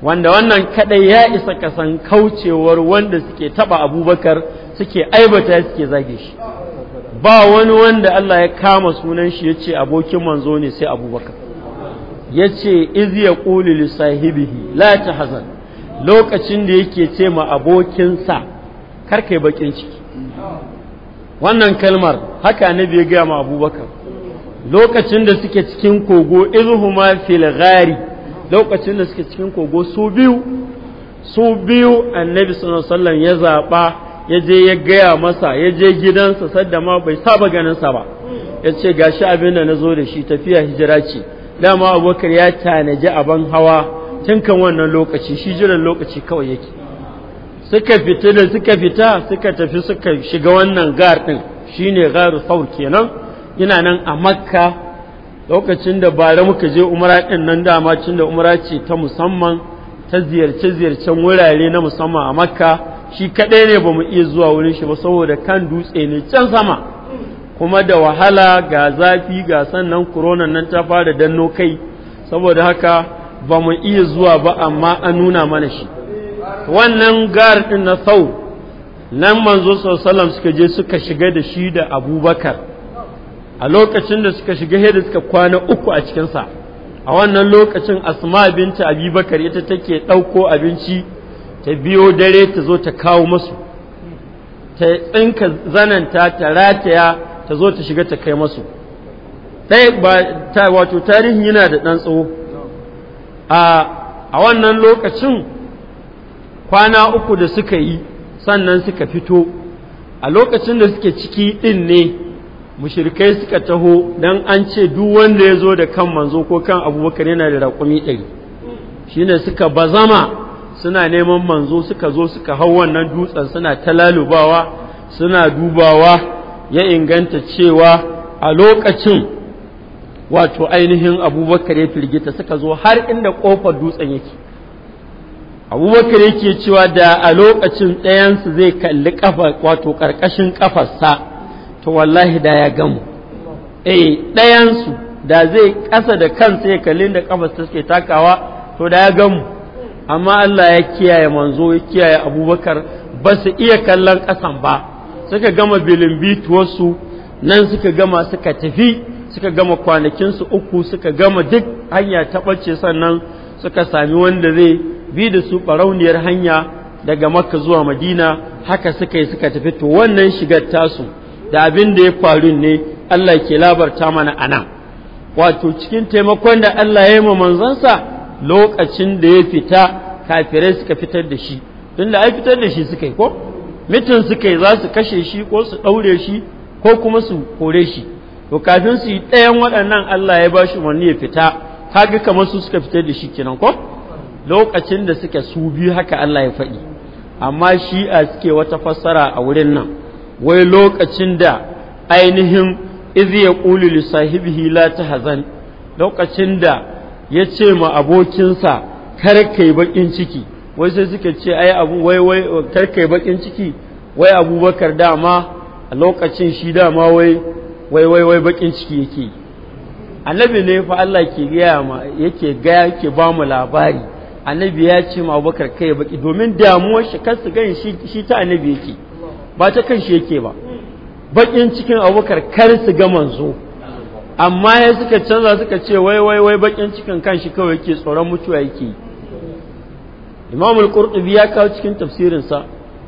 wanda wannan kaɗai ya isa kasan kaucewar wanda suke taba abubakar suke aibata suke zage shi ba wani wanda Allah ya kama sunan shi ya ce abokin manzo ne sai abubakar ya ce izi ya ƙuli lissahibihi la ta hazan lokacin da yake ce ma abokinsa yi bakin ciki wannan kalmar haka na ya gaya ma abubakar lokacin da suke cikin kogo izhuma fil ghari lokacin da suke cikin kogo su biyu su biyu annabi sallallahu alaihi ya zaba ya je ya gaya masa ya je gidansa sadda ma bai saba ganinsa ba ya ce gashi abin da na zo da shi tafiya hijira ce dama abubakar ya tanaji aban hawa tun kan wannan lokaci shi jiran lokaci kawai yake suka fita da suka fita suka tafi suka shiga wannan gar din shine garu saur kenan Ina nan a makka lokacin da bara muka je umara ɗin nan dama cin da umara ce ta musamman ta ziyarce-ziyarcen wurare na musamman a makka shi kaɗai ne ba mu iya zuwa wurin shi ba saboda kan dutse ne can sama kuma da wahala ga zafi ga sannan koronan nan ta fara danno kai saboda haka ba mu iya zuwa ba amma an nuna mana shi wannan gar ɗin na sau nan manzo sallam suka je suka shiga da shi da abubakar a lokacin da suka shiga hedi suka kwana uku a cikinsa a wannan lokacin asma binta abubakar ita take ɗauko abinci ta biyo dare ta zo ta kawo masu ta tsinka zananta ta rataya ta zo ta shiga ta kai masu ɗaya ba ta wato tarihin yana da ɗan tsawo a wannan lokacin kwana uku da suka yi sannan suka fito a lokacin da suke ciki ɗin ne mushirkai suka taho dan an ce duk wanda ya zo da kan manzo ko kan abubakar yana da raƙumi ɗari shine suka bazama suna neman manzo suka zo suka hau wannan dutsen suna talalubawa suna dubawa ya inganta cewa a lokacin wato ainihin abubakar ya firgita suka zo har inda ƙofar dutsen yake abubakar yake cewa da a lokacin ɗayansu zai kalli ƙafa wato ƙarƙashin ƙafarsa to wallahi da ya gamu eh ɗayansu da zai ƙasa da kansa ya kalli da ƙafarsa suke takawa to da ya gamu amma Allah ya kiyaye manzo ya kiyaye abubakar ba su iya kallon ƙasan ba suka gama bilimbituwarsu nan suka gama suka tafi suka gama kwanakinsu uku suka gama duk hanya ta ɓace sannan suka sami wanda zai bi da su ɓarauniyar hanya daga makka zuwa madina haka suka yi suka tafi to wannan shigar tasu da abin da ya faru ne Allah ke labarta mana a nan wato cikin taimakon da Allah ya yi ma manzansa lokacin da ya fita kafirai suka fitar da shi tun da ai fitar da shi suka yi ko mitin suka yi za su kashe shi ko su ɗaure shi ko kuma su kore shi to kafin su yi ɗayan waɗannan Allah ya ba shi wani ya fita kaga kamar su suka fitar da shi kenan ko lokacin da suka su biyu haka Allah ya faɗi amma shi a suke wata fassara a wurin nan wai lokacin da ainihin izi ya ƙuli lissahibihi la ta hazan lokacin da ya ce ma abokinsa karkai bakin ciki wai sai suka ce ai abu wai wai karkai bakin ciki wai abubakar dama a lokacin shi dama wai wai wai wai bakin ciki yake annabi ne fa Allah ke gaya ma yake gaya yake ba mu labari annabi ya ce ma abubakar kai baki domin damuwar shi kansu gan shi ta annabi yake ba ta kan shi yake ba baƙin cikin abubakar kar su ga manzo amma ya suka canza suka ce wai wai wai bakin cikin kan shi kawai yake tsoron mutuwa yake yi al qurtubi ya kawo cikin tafsirinsa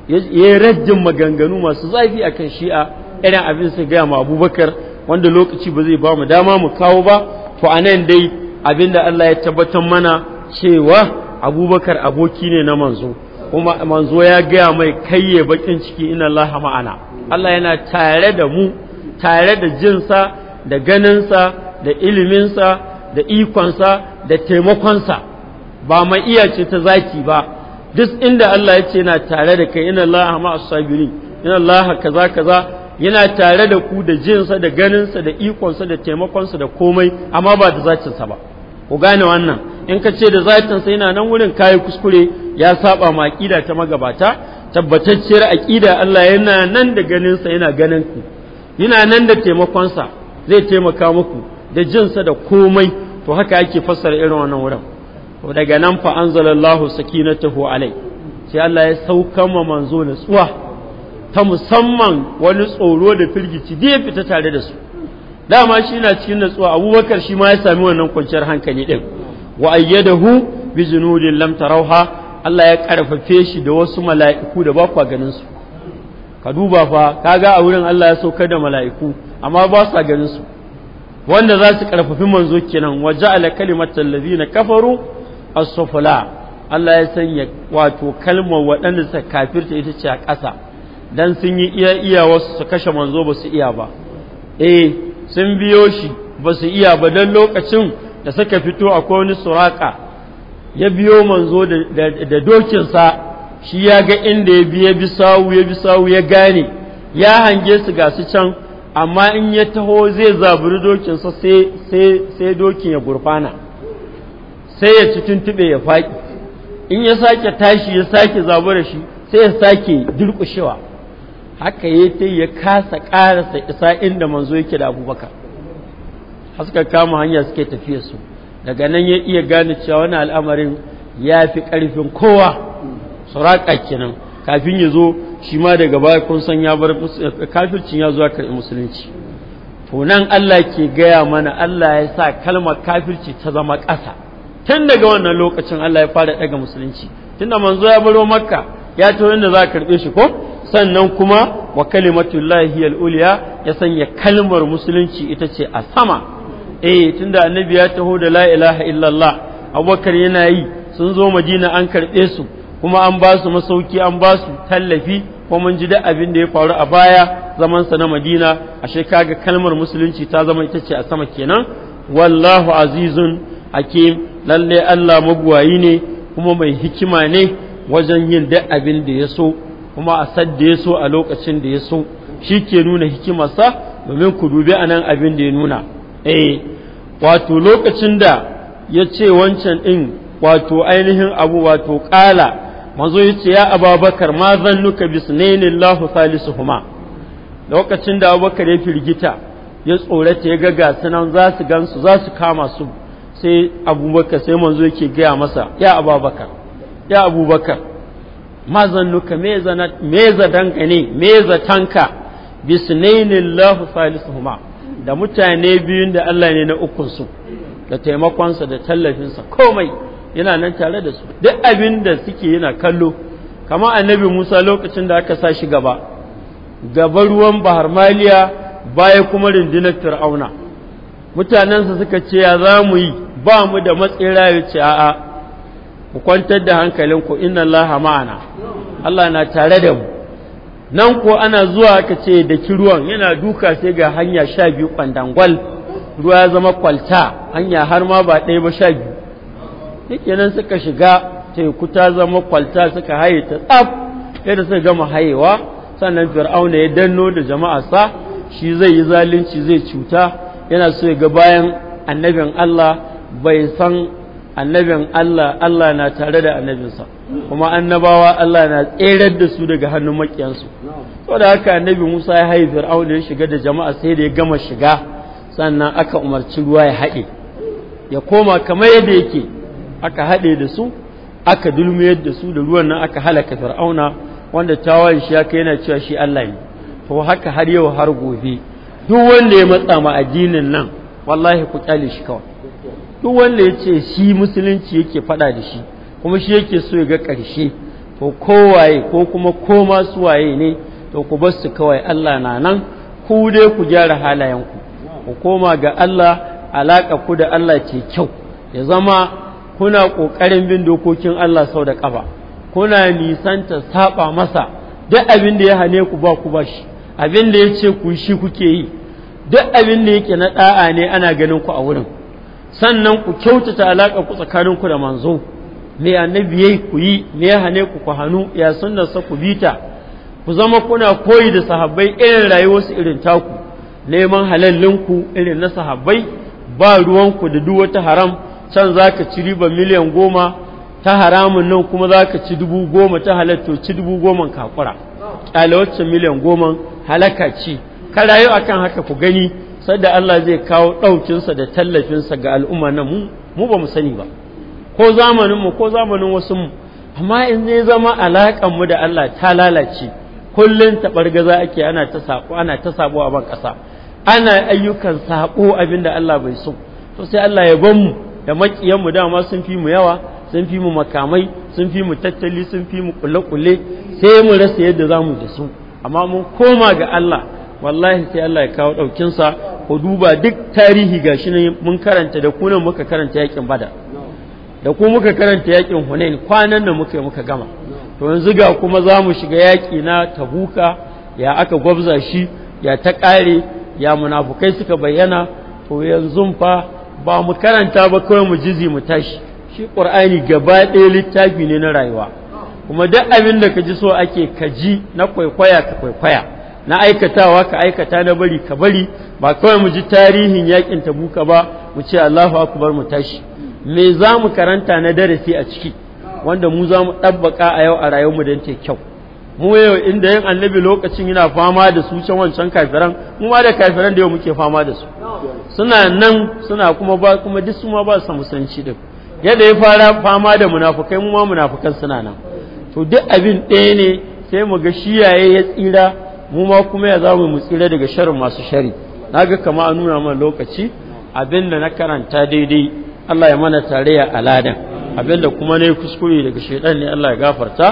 ya yi raddin maganganu masu zafi akan shi'a irin abin su gaya ma abubakar wanda lokaci ba zai ba mu dama mu kawo ba to a nan dai abin da allah ya tabbatar mana cewa abubakar aboki ne na manzo kuma manzo ya gaya mai kayye bakin ciki inna Allah ma'ana Allah yana tare da mu tare da jinsa da ganinsa da iliminsa da ikonsa da taimakonsa ba mai iya ce ta zaki ba duk inda Allah ya ce yana tare da kai 'Ina Allah ma'as sabirin ina Allah kaza kaza yana tare da ku da jinsa da ganinsa da ikonsa da taimakonsa da komai amma ba da zakinsa ba ku gane wannan in ka ce da zatin yana nan wurin kayi kuskure ya saba ma aƙida ta magabata tabbatacciyar aƙida Allah yana nan da ganinsa yana ganin ku yana nan da taimakonsa zai taimaka muku da jinsa da komai to haka yake fassara irin wannan wurin daga nan fa anzalallahu sakinatahu alai sai Allah ya sauka ma manzo nutsuwa ta musamman wani tsoro da firgici da ya fita tare da su dama shi na cikin natsuwa abubakar shi ma ya sami wannan kwanciyar hankali ɗin wa ayyadahu bi junudin lam tarauha Allah ya karfafe shi da wasu mala'iku da ba ku ganin su ka duba fa kaga a wurin Allah ya saukar da mala'iku amma ba su ganin su wanda za su karfafi manzo kenan wa ja'ala kalimatal ladina kafaru as-sufla Allah ya sanya wato kalmar waɗanda suka kafirta ita ce a ƙasa dan sun yi iya iya wasu su kashe manzo ba su iya ba eh sun biyo shi ba su iya ba dan lokacin da suka fito akwai wani suraka ya biyo manzo da dokinsa shi ya ga inda ya biya bi sawu ya bi sawu ya gane ya hange su ga su can amma in ya taho zai zaburi dokinsa sai dokin ya gurfana sai ya ci tuntube ya faƙi in ya sake tashi ya sake zabura shi sai ya sake durƙushewa haka ya ta ya kasa ƙarasa isa inda manzo yake da abubakar suka kama hanya suke tafiya su daga nan ya iya gane cewa wani al'amarin ya fi ƙarfin kowa suraka kenan kafin ya zo shi ma daga baya kun san ya bar kafircin ya zo karɓi musulunci to nan Allah ke gaya mana Allah ya sa kalmar kafirci ta zama ƙasa tun daga wannan lokacin Allah ya fara ɗaga musulunci tunda manzo ya baro makka ya to inda za ka karɓe shi ko sannan kuma wa kalimatullahi hiya ya sanya kalmar musulunci ita ce a sama eh tunda annabi ya taho da la ilaha illallah abubakar yana yi sun zo madina an karɓe su kuma an ba su masauki an ba su tallafi kuma mun ji da abin da ya faru a baya zaman sa na madina ashe kaga kalmar musulunci ta zama ita ce a sama kenan wallahu azizun hakim lalle allah magwayi ne kuma mai hikima ne wajen yin duk abin da ya so kuma a sad da ya so a lokacin da ya so shi ke nuna hikimarsa domin ku dubi anan abin da ya nuna eh wato lokacin da ya ce wancan ɗin wato ainihin abu wato ƙala manzo ya ce ya ababakar ma zannuka bisnainin lahu salisuhuma lokacin da abubakar ya firgita ya tsorata ya ga gasu nan za su gansu za su kama su sai abubakar sai manzo yake gaya masa ya ababakar ya abubakar ma zannuka me meza me meza tanka, me zatanka bisnainin lahu salisuhuma da mutane biyun da Allah ne na ukunsu da taimakonsa da tallafinsa komai yana nan tare da su duk abin da suke yana kallo kama annabi Musa lokacin da aka sa shi gaba gaba ruwan bahar maliya baya kuma rundunar fir'auna mutanensa suka ce ya za mu yi ba mu da matsira ya ce a'a ku kwantar da hankalinku inna Allah ma'ana Allah na tare da mu nan ko ana zuwa ka ce da ruwan yana duka sai ga hanya sha biyu kwandangwal ruwa ya zama kwalta hanya har ma ba ɗaya ba sha biyu yake nan suka shiga teku ta zama kwalta suka haye ta tsaf yadda suka gama hayewa sannan fir'auna ya danno da jama'arsa shi zai yi zalunci zai cuta yana so ya ga bayan annabin Allah bai san annabin Allah Allah na tare da annabinsa kuma annabawa Allah na tserar da su daga hannun makiyansu da haka annabi Musa ya haifi Fir'aun ya shiga da jama'a sai da ya gama shiga sannan aka umarci ruwa ya haɗe ya koma kamar yadda yake aka haɗe da su aka dulmayar da su da ruwan nan aka halaka Fir'auna wanda tawayen shi ya kai yana cewa shi Allah ne to haka har yau har gobe duk wanda ya matsa ma addinin nan wallahi ku kyale shi kawai duk wanda ya ce shi musulunci yake faɗa da shi kuma shi yake so ya ga ƙarshe to kowaye ko kuma ko masu waye ne to ku bar su kawai Allah na nan ku dai ku gyara halayenku ku koma ga Allah alaƙa ku da Allah ce kyau ya zama kuna ƙoƙarin bin dokokin Allah sau da ƙafa kuna nisanta saba masa duk abin da ya hane ku ba ku ba shi abin da ya ce ku shi kuke yi duk abin da yake na ɗa'a ne ana ganin ku a wurin sannan ku kyautata alaƙa ku tsakanin ku da manzo me annabi yayi ku yi me ya hane ku ku hanu ya sa ku bita ku zama kuna koyi da sahabbai irin rayuwarsu irin taku neman halallinku irin na sahabbai ba ruwanku da duk wata haram can zaka ci riba miliyan goma ta haramun nan kuma zaka ci dubu goma ta halatto ci dubu goman kakura ƙyalawacin miliyan goma halaka ce ka rayu akan haka ku gani sadda Allah zai kawo ɗaukinsa da tallafinsa ga al'umma na mu mu ba mu sani ba ko zamaninmu ko zamanin wasu mu amma in zai zama alaƙanmu da Allah ta lalace kullum taɓargaza ake ana ta saƙo ana ta saɓo a ban ƙasa ana ayyukan saƙo abin da Allah bai so to sai Allah ya ban mu da maƙiyanmu dama sun fi mu yawa sun fi mu makamai sun fi mu tattali sun fi mu kule-kule sai mu rasa yadda za mu da su amma mun koma ga Allah wallahi sai Allah ya kawo ɗaukinsa ku duba duk tarihi gashi ne mun karanta da kunan muka karanta yakin bada da ku muka karanta yakin hunain kwanan nan muka muka gama to yanzu ga kuma za mu shiga yaƙi na tabuka ya aka gwabza shi ya ta ƙare ya munafukai suka bayyana to yanzu fa ba mu karanta ba kawai mu jizi mu tashi shi ƙur'ani gaba ɗaya littafi ne na rayuwa kuma duk abin da ka ji so ake ka ji na kwaikwaya ka kwaikwaya na aikatawa ka aikata na bari ka bari ba kawai mu ji tarihin yakin tabuka ba mu ce Allahu akbar mu tashi me za mu karanta na darasi a ciki wanda mu za mu ɗabbaka a yau a rayuwarmu don ta kyau mu yau inda yin annabi lokacin yana fama da su can wancan kafiran mu ma da kafiran da yau muke fama da su suna nan suna kuma ba kuma duk su ma ba su musanci din yadda ya fara fama da munafukai mu ma munafukan suna nan to duk abin ɗaya ne sai mu ga shiyaye ya tsira mu ma kuma ya za mu tsira daga sharin masu shari na ga kama a nuna mana lokaci abinda na karanta daidai Allah ya mana tare ya aladan abinda kuma yi kuskure daga shaidan ne Allah ya gafarta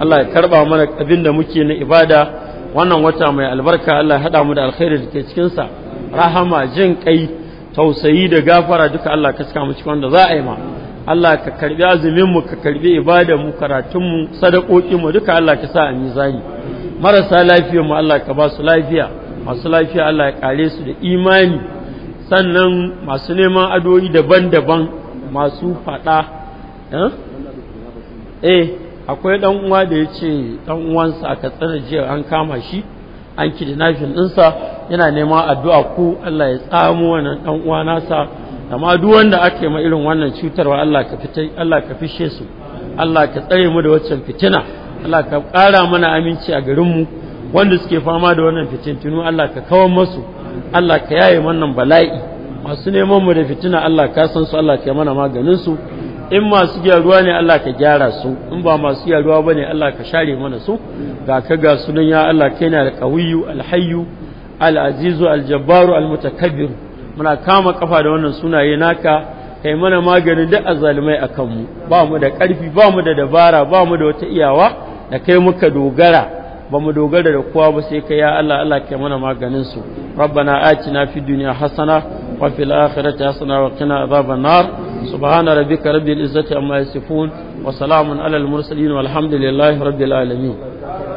Allah ya karba mana abinda muke na ibada wannan wata mai albarka Allah ya haɗa mu da alkhairi da ke cikinsa rahama jin kai tausayi da gafara duka Allah ka mu cikin wanda za a yi ma Allah ka karbi azuminmu ka karbi ibadanmu karatunmu sadakokinmu duka Allah ka sa a mizani marasa lafiyarmu Allah ka ba su lafiya masu lafiya Allah ya kare su da imani sannan masu neman adoyi daban-daban masu faɗa eh, eh akwai dan uwa da ya ce ɗan uwansa aka tsara jiya an kama shi an kidnapping ɗinsa yana neman addu'a ko Allah ya tsamo wannan dan uwa nasa amma duk wanda ake ma irin wannan cutarwa Allah ka fitai Allah ka fishe su Allah ka tsare mu da waccan fitina Allah ka ƙara mana aminci a garin mu wanda suke fama da wannan fitintunu Allah ka kawar masu Allah ka yaye wannan bala'i masu neman mu da fitina Allah ka san su Allah ka mana maganin su in masu gyaruwa ne Allah ka gyara su in ba masu gyaruwa ba ne Allah ka share mana su ga ka ga sunan ya Allah kai na alƙawiyu alhayyu al'azizu aljabbaru almutakabbiru muna kama kafa da wannan sunaye naka kai mana maganin duk azzalumai a kanmu ba mu da ƙarfi ba mu da dabara ba mu da wata iyawa da kai muka dogara ba mu dogara da kowa ba sai kai ya Allah Allah kai mana maganin su rabbana atina fid dunya hasana wa fil akhirati hasana wa qina adhaban nar subhana rabbika rabbil izzati amma yasifun wa salamun alal mursalin walhamdulillahi rabbil alamin